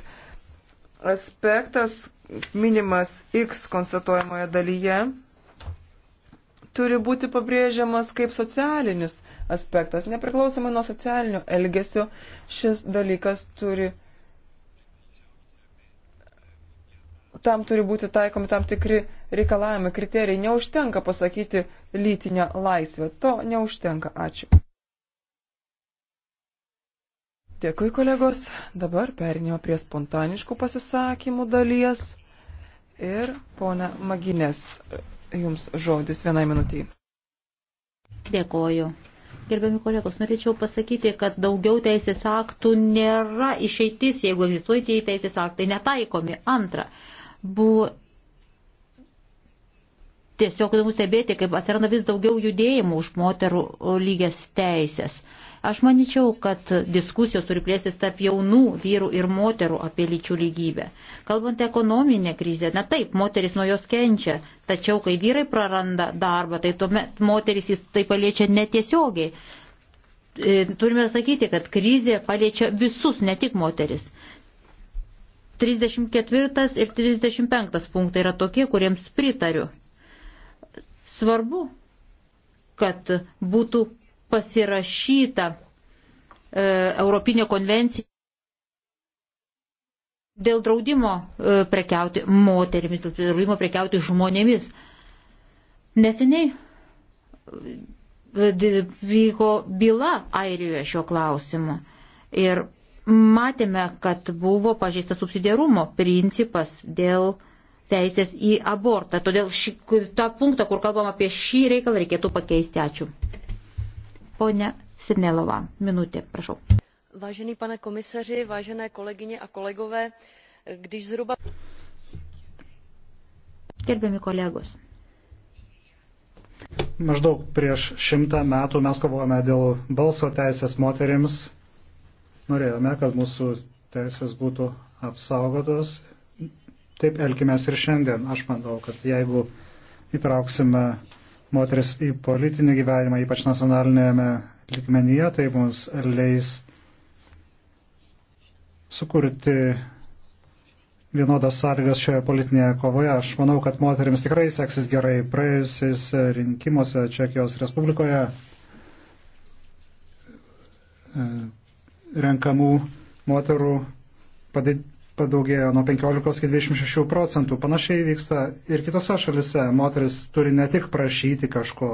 aspektas minimas X konstatuojamoje dalyje turi būti pabrėžiamas kaip socialinis aspektas. Nepriklausomai nuo socialinio elgesio, šis dalykas turi. Tam turi būti taikomi tam tikri reikalavimai, kriterijai. Neužtenka pasakyti lytinę laisvę. To neužtenka. Ačiū. Dėkui, kolegos. Dabar perinėjau prie spontaniškų pasisakymų dalies. Ir ponia Maginės, jums žodis vienai minutiai. Dėkoju. Gerbiami kolegos, norėčiau pasakyti, kad daugiau teisės aktų nėra išeitis, jeigu egzistuojantieji teisės aktai netaikomi. Antra, buvo tiesiog įdomu stebėti, kaip atsiranda vis daugiau judėjimų už moterų lygias teisės. Aš manyčiau, kad diskusijos turi plėstis tarp jaunų vyrų ir moterų apie lyčių lygybę. Kalbant ekonominę krizę, na taip, moteris nuo jos kenčia, tačiau kai vyrai praranda darbą, tai tuomet moteris jis tai paliečia netiesiogiai. E, turime sakyti, kad krizė paliečia visus, ne tik moteris. 34 ir 35 punktai yra tokie, kuriems pritariu. Svarbu, kad būtų pasirašyta e, Europinė konvencija dėl draudimo e, prekiauti moterimis, dėl draudimo prekiauti žmonėmis. Neseniai e, vyko byla Airijoje šio klausimu ir matėme, kad buvo pažeistas subsidiarumo principas dėl teisės į abortą. Todėl šį, tą punktą, kur kalbam apie šį reikalą, reikėtų pakeisti. Ačiū. Pone Sidnelová, minutė, prašau. Vážený pane komisaři, vážené kolegyně a kolegové, když zhruba... Gerbiami kolegos. Maždaug prieš šimtą metų mes kovojame dėl balso teisės moterims. Norėjome, kad mūsų teisės būtų apsaugotos. Taip elkimės ir šiandien. Aš manau, kad jeigu įtrauksime moteris į politinį gyvenimą, ypač nacionalinėme likmenyje, tai mums leis sukurti vienodas sąlygas šioje politinėje kovoje. Aš manau, kad moteriams tikrai seksis gerai praėjusiais rinkimuose Čekijos Respublikoje e, renkamų moterų padid padaugėjo nuo 15 iki 26 procentų. Panašiai vyksta ir kitose šalise. Moteris turi ne tik prašyti kažko.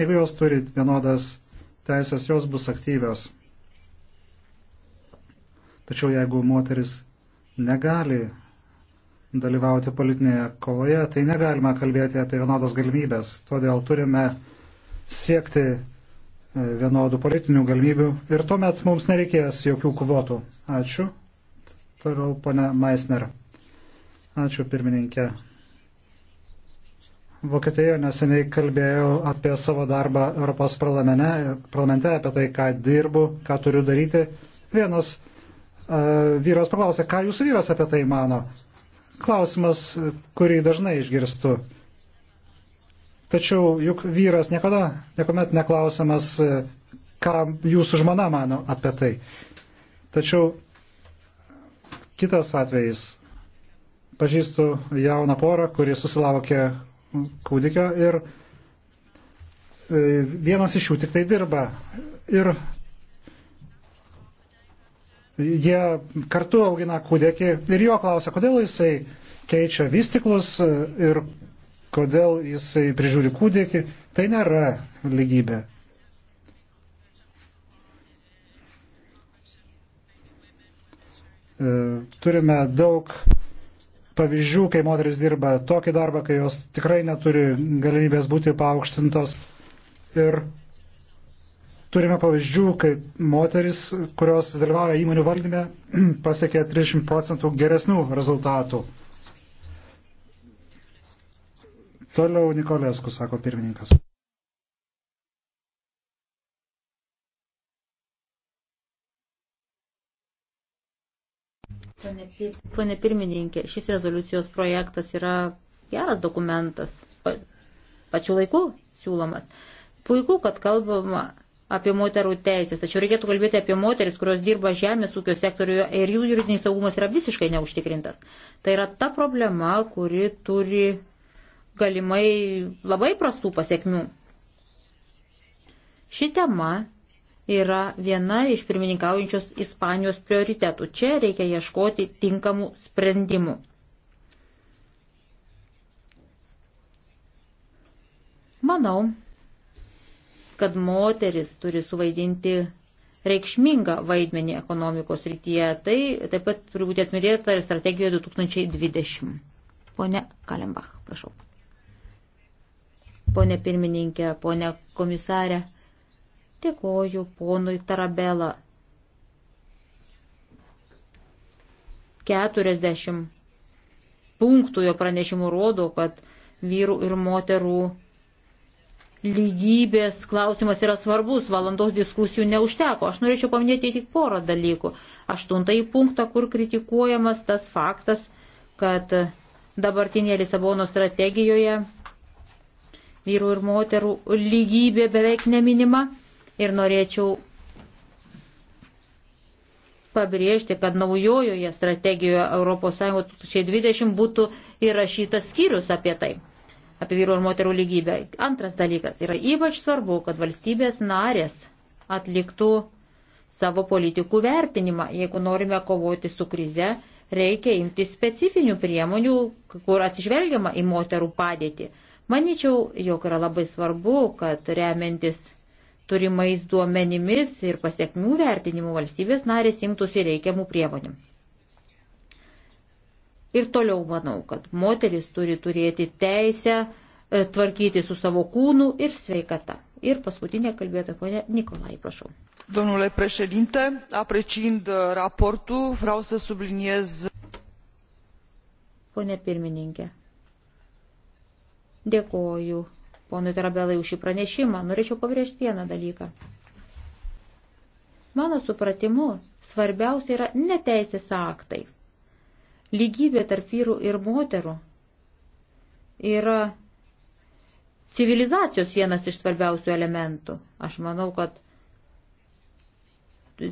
Jeigu jos turi vienodas teisės, jos bus aktyvios. Tačiau jeigu moteris negali dalyvauti politinėje kovoje, tai negalime kalbėti apie vienodas galimybės. Todėl turime siekti e, vienodų politinių galimybių ir tuomet mums nereikės jokių kvotų. Ačiū. Toliau pana Meisner. Ačiū pirmininkė. Vokietijoje neseniai kalbėjau apie savo darbą Europos parlamente, apie tai, ką dirbu, ką turiu daryti. Vienas uh, vyras paklausė, ką jūsų vyras apie tai mano. Klausimas, kurį dažnai išgirstu. Tačiau juk vyras niekada, niekuomet neklausiamas, e, ką jūsų žmona mano apie tai. Tačiau Kitas atvejis. Pažįstu jauną porą, kuri susilaukė kūdikio ir e, vienas iš jų tik tai dirba. Ir jie kartu augina kūdikį ir jo klausia, kodėl jisai keičia vystiklus e, ir kodėl jisai prižiūri kūdikį. Tai nėra lygybė. E, turime daug pavyzdžių, kai moteris dirba tokį darbą, kai jos tikrai neturi galimybės būti paaukštintos. Ir turime pavyzdžių, kai moteris, kurios dalyvauja įmonių valdyme, [clears throat] pasiekė 30 procentų geresnių rezultatų. Toliau Nikolėsku, sako pirmininkas. Pone pirmininkė, šis rezoliucijos projektas yra geras dokumentas, pačiu laiku siūlomas. Puiku, kad kalbama apie moterų teisės, tačiau reikėtų kalbėti apie moteris, kurios dirba žemės ūkio sektoriuje ir jų juridinis saugumas yra visiškai neužtikrintas. Tai yra ta problema, kuri turi galimai labai prastų pasiekmių. Ši tema yra viena iš pirmininkaujančios Ispanijos prioritetų. Čia reikia ieškoti tinkamų sprendimų. Manau, kad moteris turi suvaidinti reikšmingą vaidmenį ekonomikos rytyje. Tai taip pat turi būti atmedėta ir strategijoje 2020. Pone Kalembach, prašau. Pone pirmininkė, pone komisarė Dėkoju ponui Tarabela. 40 punktų jo pranešimų rodo, kad vyrų ir moterų lygybės klausimas yra svarbus, valandos diskusijų neužteko. Aš norėčiau paminėti tik porą dalykų. Aštuntąjį punktą, kur kritikuojamas tas faktas, kad dabartinėje Lisabono strategijoje vyrų ir moterų lygybė beveik neminima ir norėčiau pabrėžti, kad naujojoje strategijoje ES 2020 būtų įrašytas skyrius apie tai, apie vyrų ir moterų lygybę. Antras dalykas yra ypač svarbu, kad valstybės narės atliktų savo politikų vertinimą. Jeigu norime kovoti su krize, reikia imti specifinių priemonių, kur atsižvelgiama į moterų padėtį. Maničiau, jog yra labai svarbu, kad remiantis turimais duomenimis ir pasiekmių vertinimu valstybės narės imtųsi reikiamų priemonių. Ir toliau manau, kad moteris turi turėti teisę e, tvarkyti su savo kūnu ir sveikata. Ir paskutinė kalbėtoja, ponė Nikolai, prašau. Domnule președinte, apreciind e, raportul, vreau să subliniez. Pone pirmininkė, dėkoju ponui Tarabelai už šį pranešimą. Norėčiau pabrėžti vieną dalyką. Mano supratimu, svarbiausia yra neteisės aktai. Lygybė tarp vyrų ir moterų yra civilizacijos vienas iš svarbiausių elementų. Aš manau, kad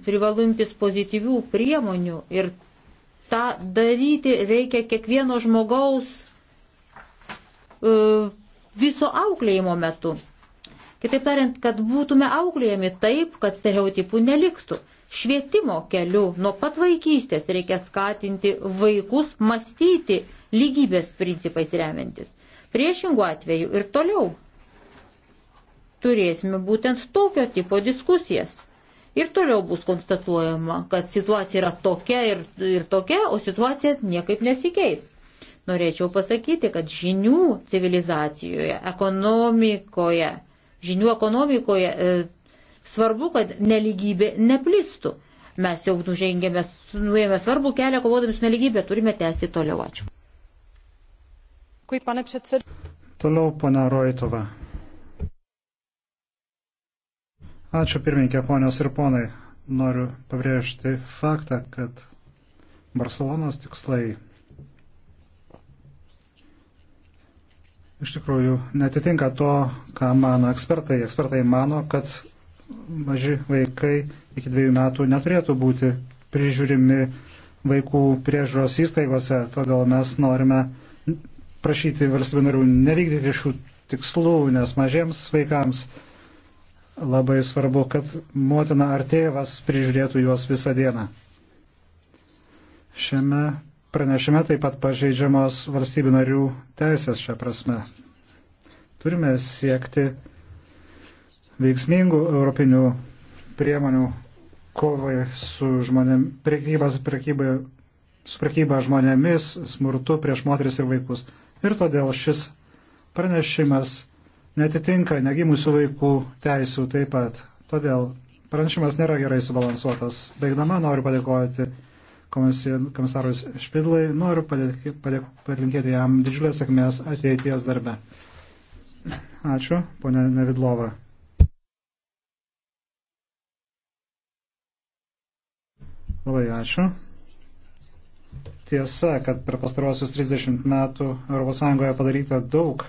privalu imtis pozityvių priemonių ir tą daryti reikia kiekvieno žmogaus uh, viso auklėjimo metu. Kitaip tariant, kad būtume auklėjami taip, kad stereotipų neliktų. Švietimo keliu nuo pat vaikystės reikia skatinti vaikus mąstyti lygybės principais remiantis. Priešingų atveju ir toliau turėsime būtent tokio tipo diskusijas. Ir toliau bus konstatuojama, kad situacija yra tokia ir, ir tokia, o situacija niekaip nesikeis. Norėčiau pasakyti, kad žinių civilizacijoje, ekonomikoje, žinių ekonomikoje e, svarbu, kad neligybė neplistų. Mes jau nužengėme, nuėjome svarbų kelią, kovodami su neligybė, turime tęsti toliau. Ačiū. Kui, pane predsed... Toliau, pana Roitova. Ačiū pirmininkė, ponios ir ponai. Noriu pabrėžti faktą, kad Barcelonos tikslai iš tikrųjų netitinka to, ką mano ekspertai. Ekspertai mano, kad maži vaikai iki dviejų metų neturėtų būti prižiūrimi vaikų priežiūros įstaigose, todėl mes norime prašyti valstybių narių nevykdyti šių tikslų, nes mažiems vaikams labai svarbu, kad motina ar tėvas prižiūrėtų juos visą dieną. Šiame Pranešime taip pat pažeidžiamos valstybių narių teisės šią prasme. Turime siekti veiksmingų europinių priemonių kovai su žmonėm, prekybas, prekybai, su prekyba žmonėmis, smurtu prieš moteris ir vaikus. Ir todėl šis pranešimas netitinka negimusių vaikų teisų taip pat. Todėl pranešimas nėra gerai subalansuotas. Baigdama noriu padėkoti komisarus Špidlai. Noriu padėk, padėk, palinkėti jam didžiulės sėkmės ateities darbe. Ačiū, ponė Nevidlova. Labai ačiū. Tiesa, kad per pastaruosius 30 metų ES padaryta daug e,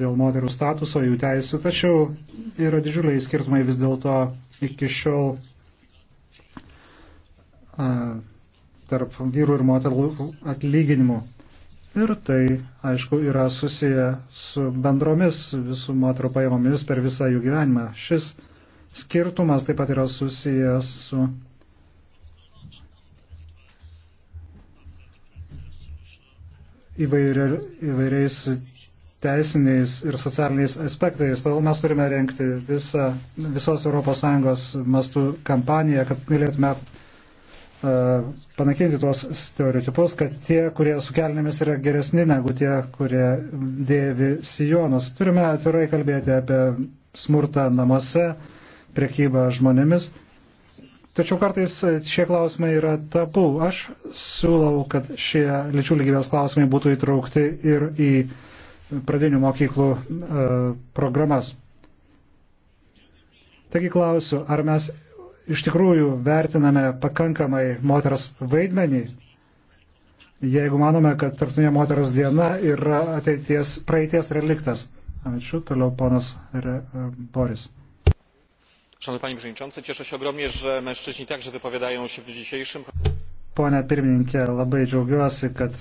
dėl moterų statuso, jų teisų, tačiau yra didžiuliai skirtumai vis dėlto iki šiol tarp vyrų ir moterų atlyginimų. Ir tai, aišku, yra susiję su bendromis visų moterų pajamomis per visą jų gyvenimą. Šis skirtumas taip pat yra susijęs su įvairia, įvairiais teisiniais ir socialiniais aspektais. Todėl mes turime renkti visą, visos ES mastų kampaniją, kad galėtume E, panaikinti tuos stereotipus, kad tie, kurie su kelnėmis yra geresni negu tie, kurie dėvi sijonus. Turime atvirai kalbėti apie smurtą namuose, priekybą žmonėmis. Tačiau kartais šie klausimai yra tabu. Aš siūlau, kad šie lyčių lygybės klausimai būtų įtraukti ir į pradinių mokyklų e, programas. Taigi klausiu, ar mes iš tikrųjų vertiname pakankamai moters vaidmenį, jeigu manome, kad tarptautinė moters diena yra ateities, praeities reliktas. Ačiū, toliau ponas Re, e, Boris. Szanowny Panie Przewodniczący, cieszę się ogromnie, że mężczyźni także wypowiadają się w dniu dzisiejszym. Pone pirmininkė, labai džiaugiuosi, kad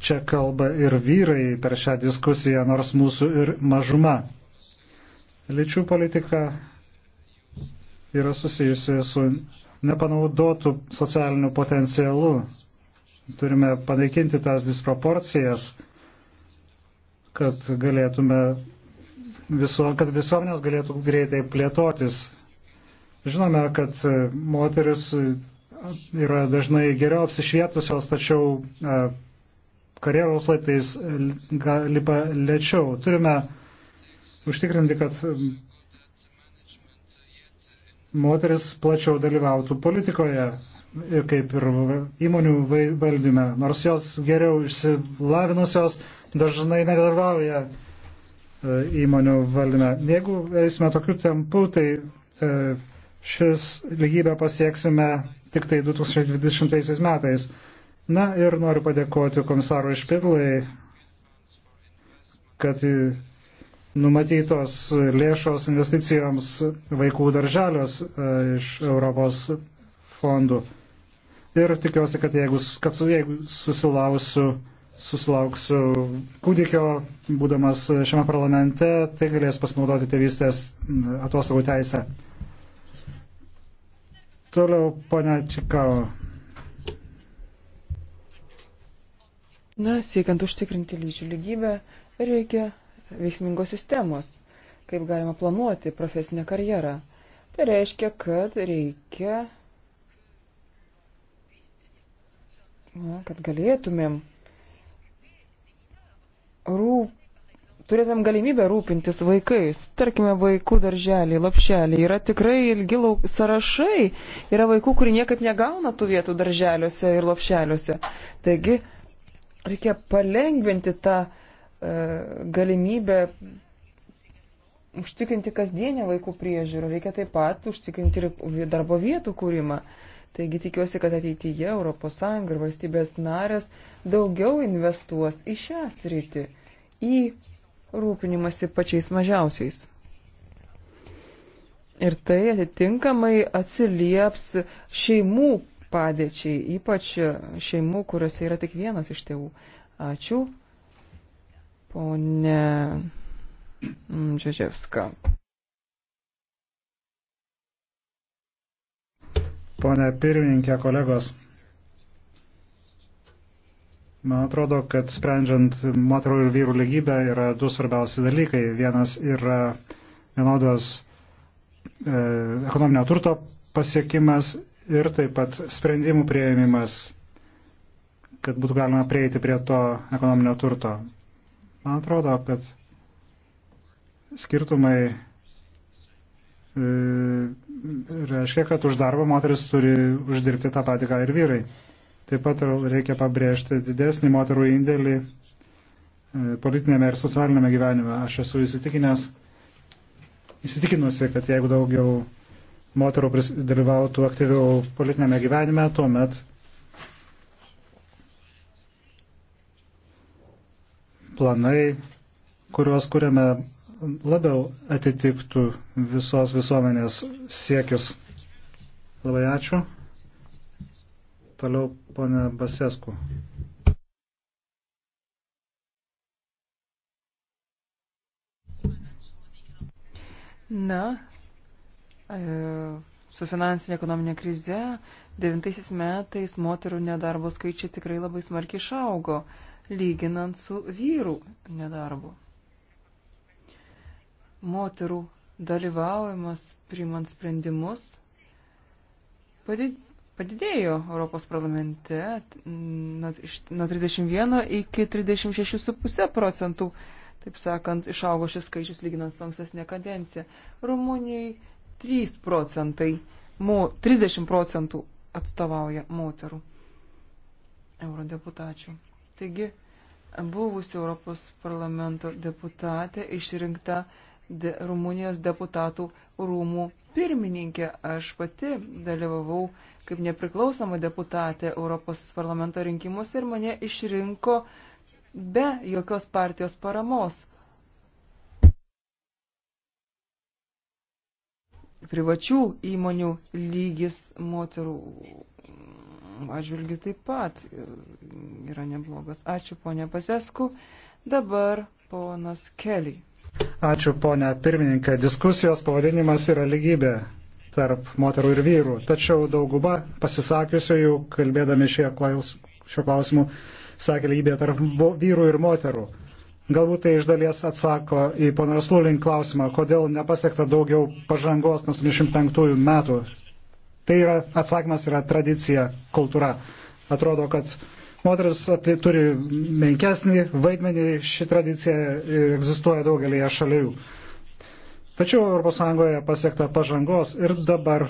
čia kalba ir vyrai per šią diskusiją, nors mūsų ir mažuma. Lyčių politika yra susijusi su nepanaudotų socialiniu potencialu. Turime panaikinti tas disproporcijas, kad galėtume viso, kad visuomenės galėtų greitai plėtotis. Žinome, kad moteris yra dažnai geriau apsišvietusios, tačiau e, karjeros laiptais e, lipa lėčiau. Turime užtikrinti, kad moteris plačiau dalyvautų politikoje, kaip ir įmonių valdyme. Nors jos geriau išsilavinusios dažnai nedalyvauja e, įmonių valdyme. Jeigu eisime tokiu tempu, tai e, šis lygybę pasieksime tik tai 2020 metais. Na ir noriu padėkoti komisarui Špidlai, kad numatytos lėšos investicijoms vaikų darželios e, iš Europos fondų. Ir tikiuosi, kad jeigu, kad su, jeigu susilausiu, susilauksiu kūdikio, būdamas šiame parlamente, tai galės pasinaudoti tėvystės atostogų teisę. Toliau, ponia Čikao. Na, siekiant užtikrinti lyčių lygybę, reikia veiksmingos sistemos, kaip galima planuoti profesinę karjerą. Tai reiškia, kad reikia, na, kad galėtumėm rūp, turėtumėm galimybę rūpintis vaikais. Tarkime, vaikų darželiai, lapšeliai. Yra tikrai ilgi lauk sąrašai. Yra vaikų, kurie niekaip negauna tų vietų darželiuose ir lapšeliuose. Taigi, reikia palengventi tą E, galimybę užtikrinti kasdienę vaikų priežiūrą, reikia taip pat užtikrinti ir darbo vietų kūrimą. Taigi tikiuosi, kad ateityje ES ir valstybės narės daugiau investuos į šią sritį, į rūpinimąsi pačiais mažiausiais. Ir tai atitinkamai atsilieps šeimų padėčiai, ypač šeimų, kuriuose yra tik vienas iš tėvų. Ačiū. Pone Čiaževska. Pone pirmininkė, kolegos. Man atrodo, kad sprendžiant moterų ir vyrų lygybę yra du svarbiausi dalykai. Vienas yra vienodos e, ekonominio turto pasiekimas ir taip pat sprendimų prieimimas, kad būtų galima prieiti prie to ekonominio turto. Man atrodo, kad skirtumai e, reiškia, kad už darbą moteris turi uždirbti tą patį, ką ir vyrai. Taip pat reikia pabrėžti didesnį moterų indėlį e, politinėme ir socialinėme gyvenime. Aš esu įsitikinęs, įsitikinusi, kad jeigu daugiau moterų dalyvautų aktyviau politinėme gyvenime, tuomet planai, kuriuos kuriame labiau atitiktų visos visuomenės siekius. Labai ačiū. Toliau ponė Basesku. Na, e, su finansinė ekonominė krize devintaisiais metais moterų nedarbo skaičiai tikrai labai smarkiai išaugo lyginant su vyrų nedarbu. Moterų dalyvaujimas priimant sprendimus padidėjo Europos parlamente nuo 31 iki 36,5 procentų, taip sakant, išaugo šis skaičius lyginant su ankstesnė kadencija. Rumunijai 3 procentai, 30 procentų atstovauja moterų eurodeputačių. Taigi, buvusi Europos parlamento deputatė išrinkta de, Rumunijos deputatų rūmų pirmininkė. Aš pati dalyvavau kaip nepriklausoma deputatė Europos parlamento rinkimuose ir mane išrinko be jokios partijos paramos. Privačių įmonių lygis moterų atžvilgių taip pat yra neblogas. Ačiū ponė Pasesku. Dabar ponas Kelly. Ačiū ponė pirmininkė. Diskusijos pavadinimas yra lygybė tarp moterų ir vyrų. Tačiau dauguma pasisakiusiųjų, kalbėdami šio, klaus, šio klausimu, sakė lygybė tarp vyrų ir moterų. Galbūt tai iš dalies atsako į pono Raslulink klausimą, kodėl nepasiekta daugiau pažangos nuo 75 metų Tai yra, atsakymas yra tradicija, kultūra. Atrodo, kad moteris turi menkesnį vaidmenį, ši tradicija egzistuoja daugelėje šalių. Tačiau ES pasiekta pažangos ir dabar,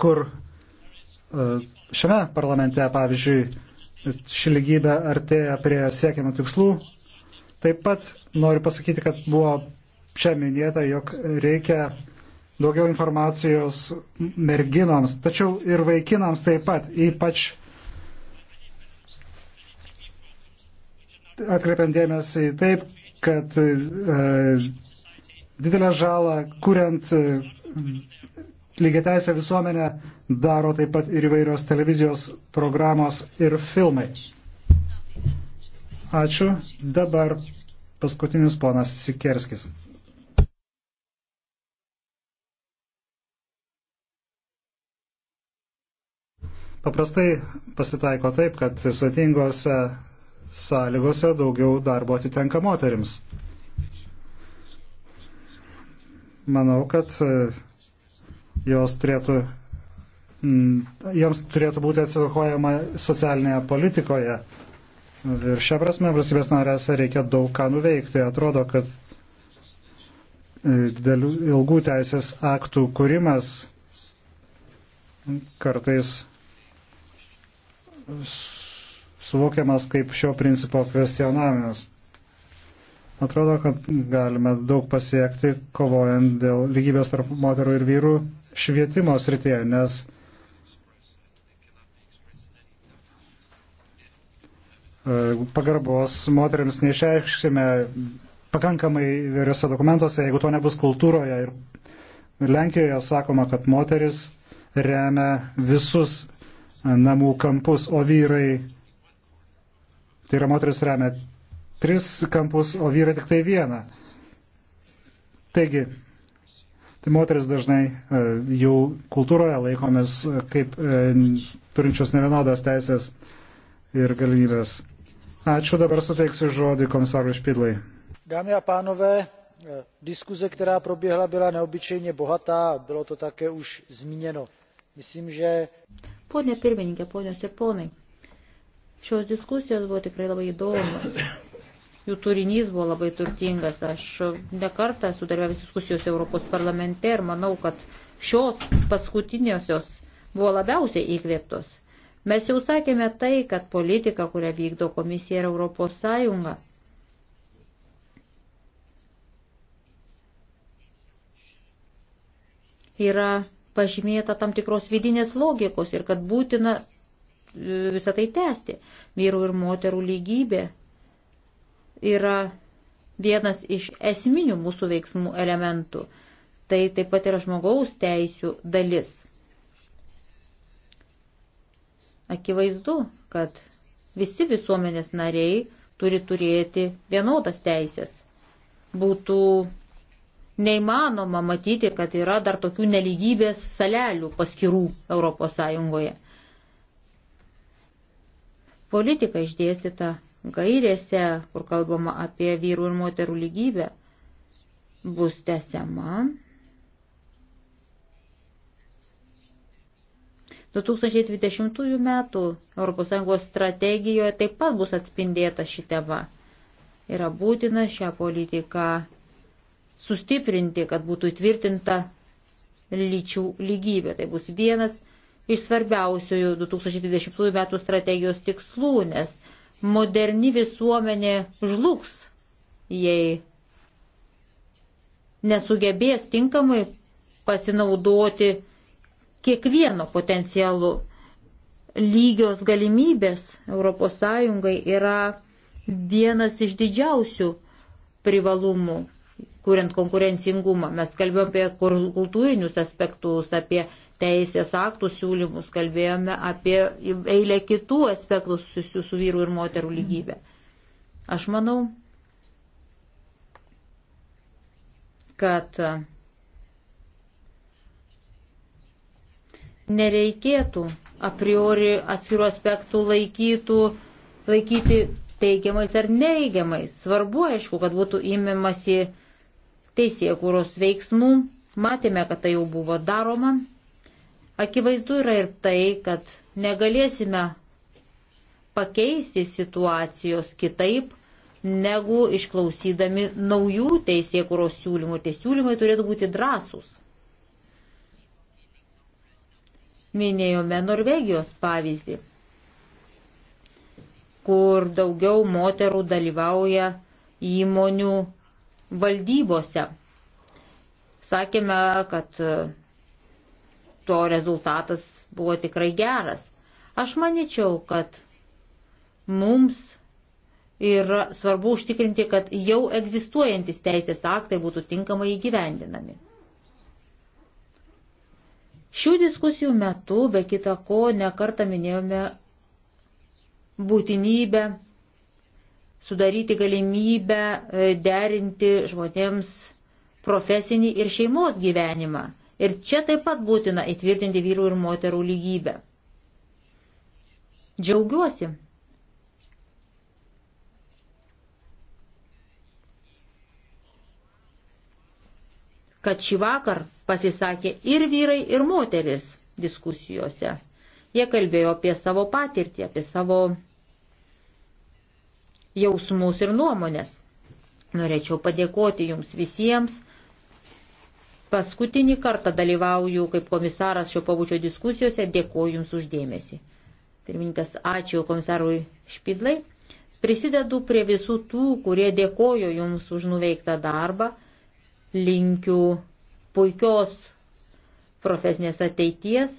kur e, šiame parlamente, pavyzdžiui, ši lygybė artėja prie siekiamų tikslų, taip pat noriu pasakyti, kad buvo čia minėta, jog reikia daugiau informacijos merginoms, tačiau ir vaikinams taip pat, ypač atkreipiant dėmesį taip, kad e, didelę žalą, kuriant e, lygiai teisę visuomenę, daro taip pat ir įvairios televizijos programos ir filmai. Ačiū. Dabar paskutinis ponas Sikerskis. Paprastai pasitaiko taip, kad sudėtingose sąlygose daugiau darbo atitenka moterims. Manau, kad e, jos turėtų, mm, joms turėtų būti atsakojama socialinėje politikoje. Ir šią prasme valstybės narėse reikia daug ką nuveikti. Atrodo, kad e, didelių ilgų teisės aktų kūrimas kartais suvokiamas kaip šio principo kvestionavimas. Atrodo, kad galime daug pasiekti, kovojant dėl lygybės tarp moterų ir vyrų švietimo srityje, nes e, pagarbos moteriams neišreikšime pakankamai įvairiose dokumentuose, jeigu to nebus kultūroje. Ir Lenkijoje sakoma, kad moteris remia visus namų kampus, o vyrai, tai yra moteris remia tris kampus, o vyrai tik tai vieną. Taigi, tai moteris dažnai e, jau kultūroje laikomis e, kaip e, turinčios nevienodas teisės ir galimybės. Ačiū, dabar suteiksiu žodį komisarui Špidlai. Dámy a pánové, diskuze, která proběhla, byla neobyčejně bohatá a bylo to také už zmíněno. Myslím, že Pone pirmininkė, ponios ir ponai, šios diskusijos buvo tikrai labai įdomios. Jų turinys buvo labai turtingas. Aš nekartą esu dalyvavęs diskusijos Europos parlamente ir manau, kad šios paskutiniosios buvo labiausiai įkvėptos. Mes jau sakėme tai, kad politika, kurią vykdo komisija ir Europos Sąjunga, yra pažymėta tam tikros vidinės logikos ir kad būtina e, visą tai tęsti. Vyrų ir moterų lygybė yra vienas iš esminių mūsų veiksmų elementų. Tai taip pat yra žmogaus teisių dalis. Akivaizdu, kad visi visuomenės nariai turi turėti vienodas teisės. Būtų Neįmanoma matyti, kad yra dar tokių neligybės salelių paskirų ES. Politika išdėstyta gairėse, kur kalbama apie vyrų ir moterų lygybę, bus tęsiama. 2020 metų ES strategijoje taip pat bus atspindėta ši tema. Yra būtina šią politiką sustiprinti, kad būtų įtvirtinta lyčių lygybė. Tai bus vienas iš svarbiausiųjų 2020 m. strategijos tikslų, nes moderni visuomenė žlugs, jei nesugebės tinkamai pasinaudoti kiekvieno potencialu. Lygios galimybės ES yra vienas iš didžiausių privalumų kuriant konkurencingumą. Mes kalbėjome apie kultūrinius aspektus, apie teisės aktų siūlymus, kalbėjome apie eilę kitų aspektų susijusių su vyrų ir moterų lygybė. Aš manau, kad e, nereikėtų a priori atskirų aspektų laikytų, laikyti teigiamais ar neigiamais. Svarbu, aišku, kad būtų įmimasi uh, teisėkūros veiksmų. Matėme, kad tai jau buvo daroma. Akivaizdu yra ir tai, kad negalėsime pakeisti situacijos kitaip, negu išklausydami naujų teisėkūros siūlymų. Tie siūlymai turėtų būti drąsūs. Minėjome Norvegijos pavyzdį, kur daugiau moterų dalyvauja įmonių valdybose. Sakėme, kad e, to rezultatas buvo tikrai geras. Aš manyčiau, kad mums yra svarbu užtikrinti, kad jau egzistuojantis teisės aktai būtų tinkamai įgyvendinami. Šių diskusijų metu, be kita ko, nekartą minėjome būtinybę sudaryti galimybę e, derinti žmonėms profesinį ir šeimos gyvenimą. Ir čia taip pat būtina įtvirtinti vyrų ir moterų lygybę. Džiaugiuosi. kad šį vakar pasisakė ir vyrai, ir moteris diskusijose. Jie kalbėjo apie savo patirtį, apie savo jausmus ir nuomonės. Norėčiau padėkoti jums visiems. Paskutinį kartą dalyvauju kaip komisaras šio pabučio diskusijose. Dėkoju jums uždėmesi. Pirmininkas, ačiū komisarui Špidlai. Prisidedu prie visų tų, kurie dėkojo jums už nuveiktą darbą. Linkiu puikios profesinės ateities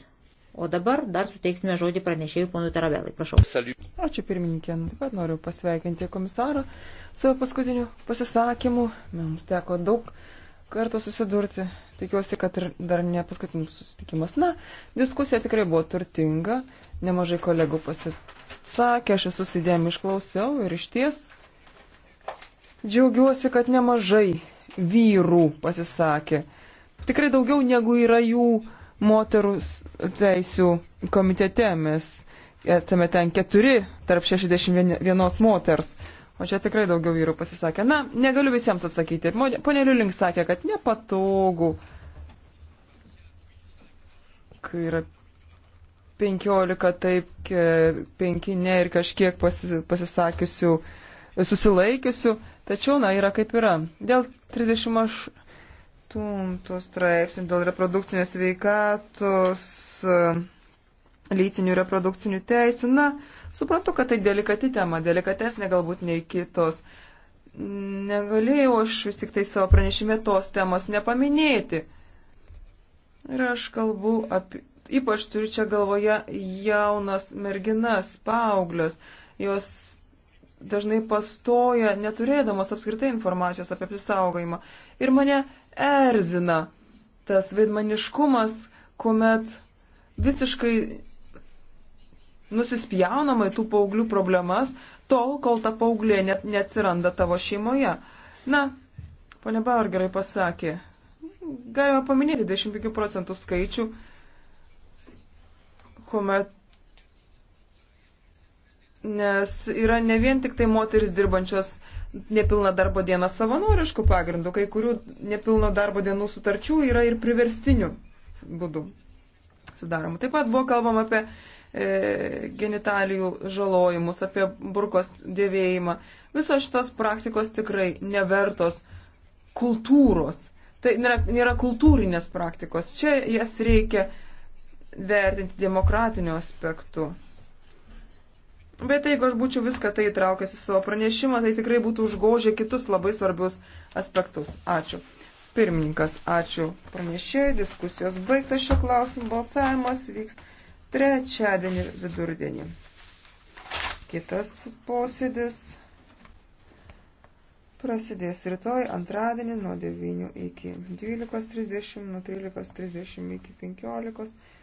O dabar dar suteiksime žodį pranešėjų ponui Tarabelai. Prašau. Ačiū pirmininkė. Nu, taip pat noriu pasveikinti komisarą su paskutiniu pasisakymu. Mums teko daug kartų susidurti. Tikiuosi, kad ir dar ne paskutinis susitikimas. Na, diskusija tikrai buvo turtinga. Nemažai kolegų pasisakė, aš esu įdėm išklausiau ir iš ties džiaugiuosi, kad nemažai vyrų pasisakė. Tikrai daugiau negu yra jų moterų teisų komitete. Mes esame ten keturi tarp 61 moters. O čia tikrai daugiau vyrų pasisakė. Na, negaliu visiems atsakyti. Pone Liulink sakė, kad nepatogu, kai yra 15, taip 5 ne ir kažkiek pasi, pasisakiusių, susilaikiusių. Tačiau, na, yra kaip yra. Dėl 38 aštunto straipsnį dėl reprodukcinės veikatos, e, lytinių reprodukcinių teisų. Na, suprantu, kad tai delikati tema, delikatesnė galbūt nei kitos. Negalėjau aš vis tik tai savo pranešime tos temos nepaminėti. Ir aš kalbu apie, ypač turiu čia galvoje jaunas merginas, paauglios. Jos dažnai pastoja, neturėdamos apskritai informacijos apie apsisaugojimą. Ir mane erzina tas vaidmaniškumas, kuomet visiškai nusispjaunama į tų paauglių problemas, tol, kol ta paauglė net neatsiranda tavo šeimoje. Na, ponia Bauer gerai pasakė, galima paminėti 25 procentų skaičių, kuomet nes yra ne vien tik tai moteris dirbančios nepilną darbo dieną savanoriškų pagrindų, kai kurių nepilno darbo dienų sutarčių yra ir priverstinių būdų sudaromų. Taip pat buvo kalbama apie e, genitalijų žalojimus, apie burkos dėvėjimą. Visos šitos praktikos tikrai nevertos kultūros. Tai nėra, nėra kultūrinės praktikos. Čia jas reikia vertinti demokratiniu aspektu. Bet jeigu aš būčiau viską tai įtraukęs į savo pranešimą, tai tikrai būtų užgožę kitus labai svarbius aspektus. Ačiū. Pirmininkas, ačiū pranešėjai, diskusijos baigtas šio klausimu, balsavimas vyks trečiadienį vidurdienį. Kitas posėdis prasidės rytoj antradienį nuo 9 iki 12.30, nuo 13.30 iki 15.00.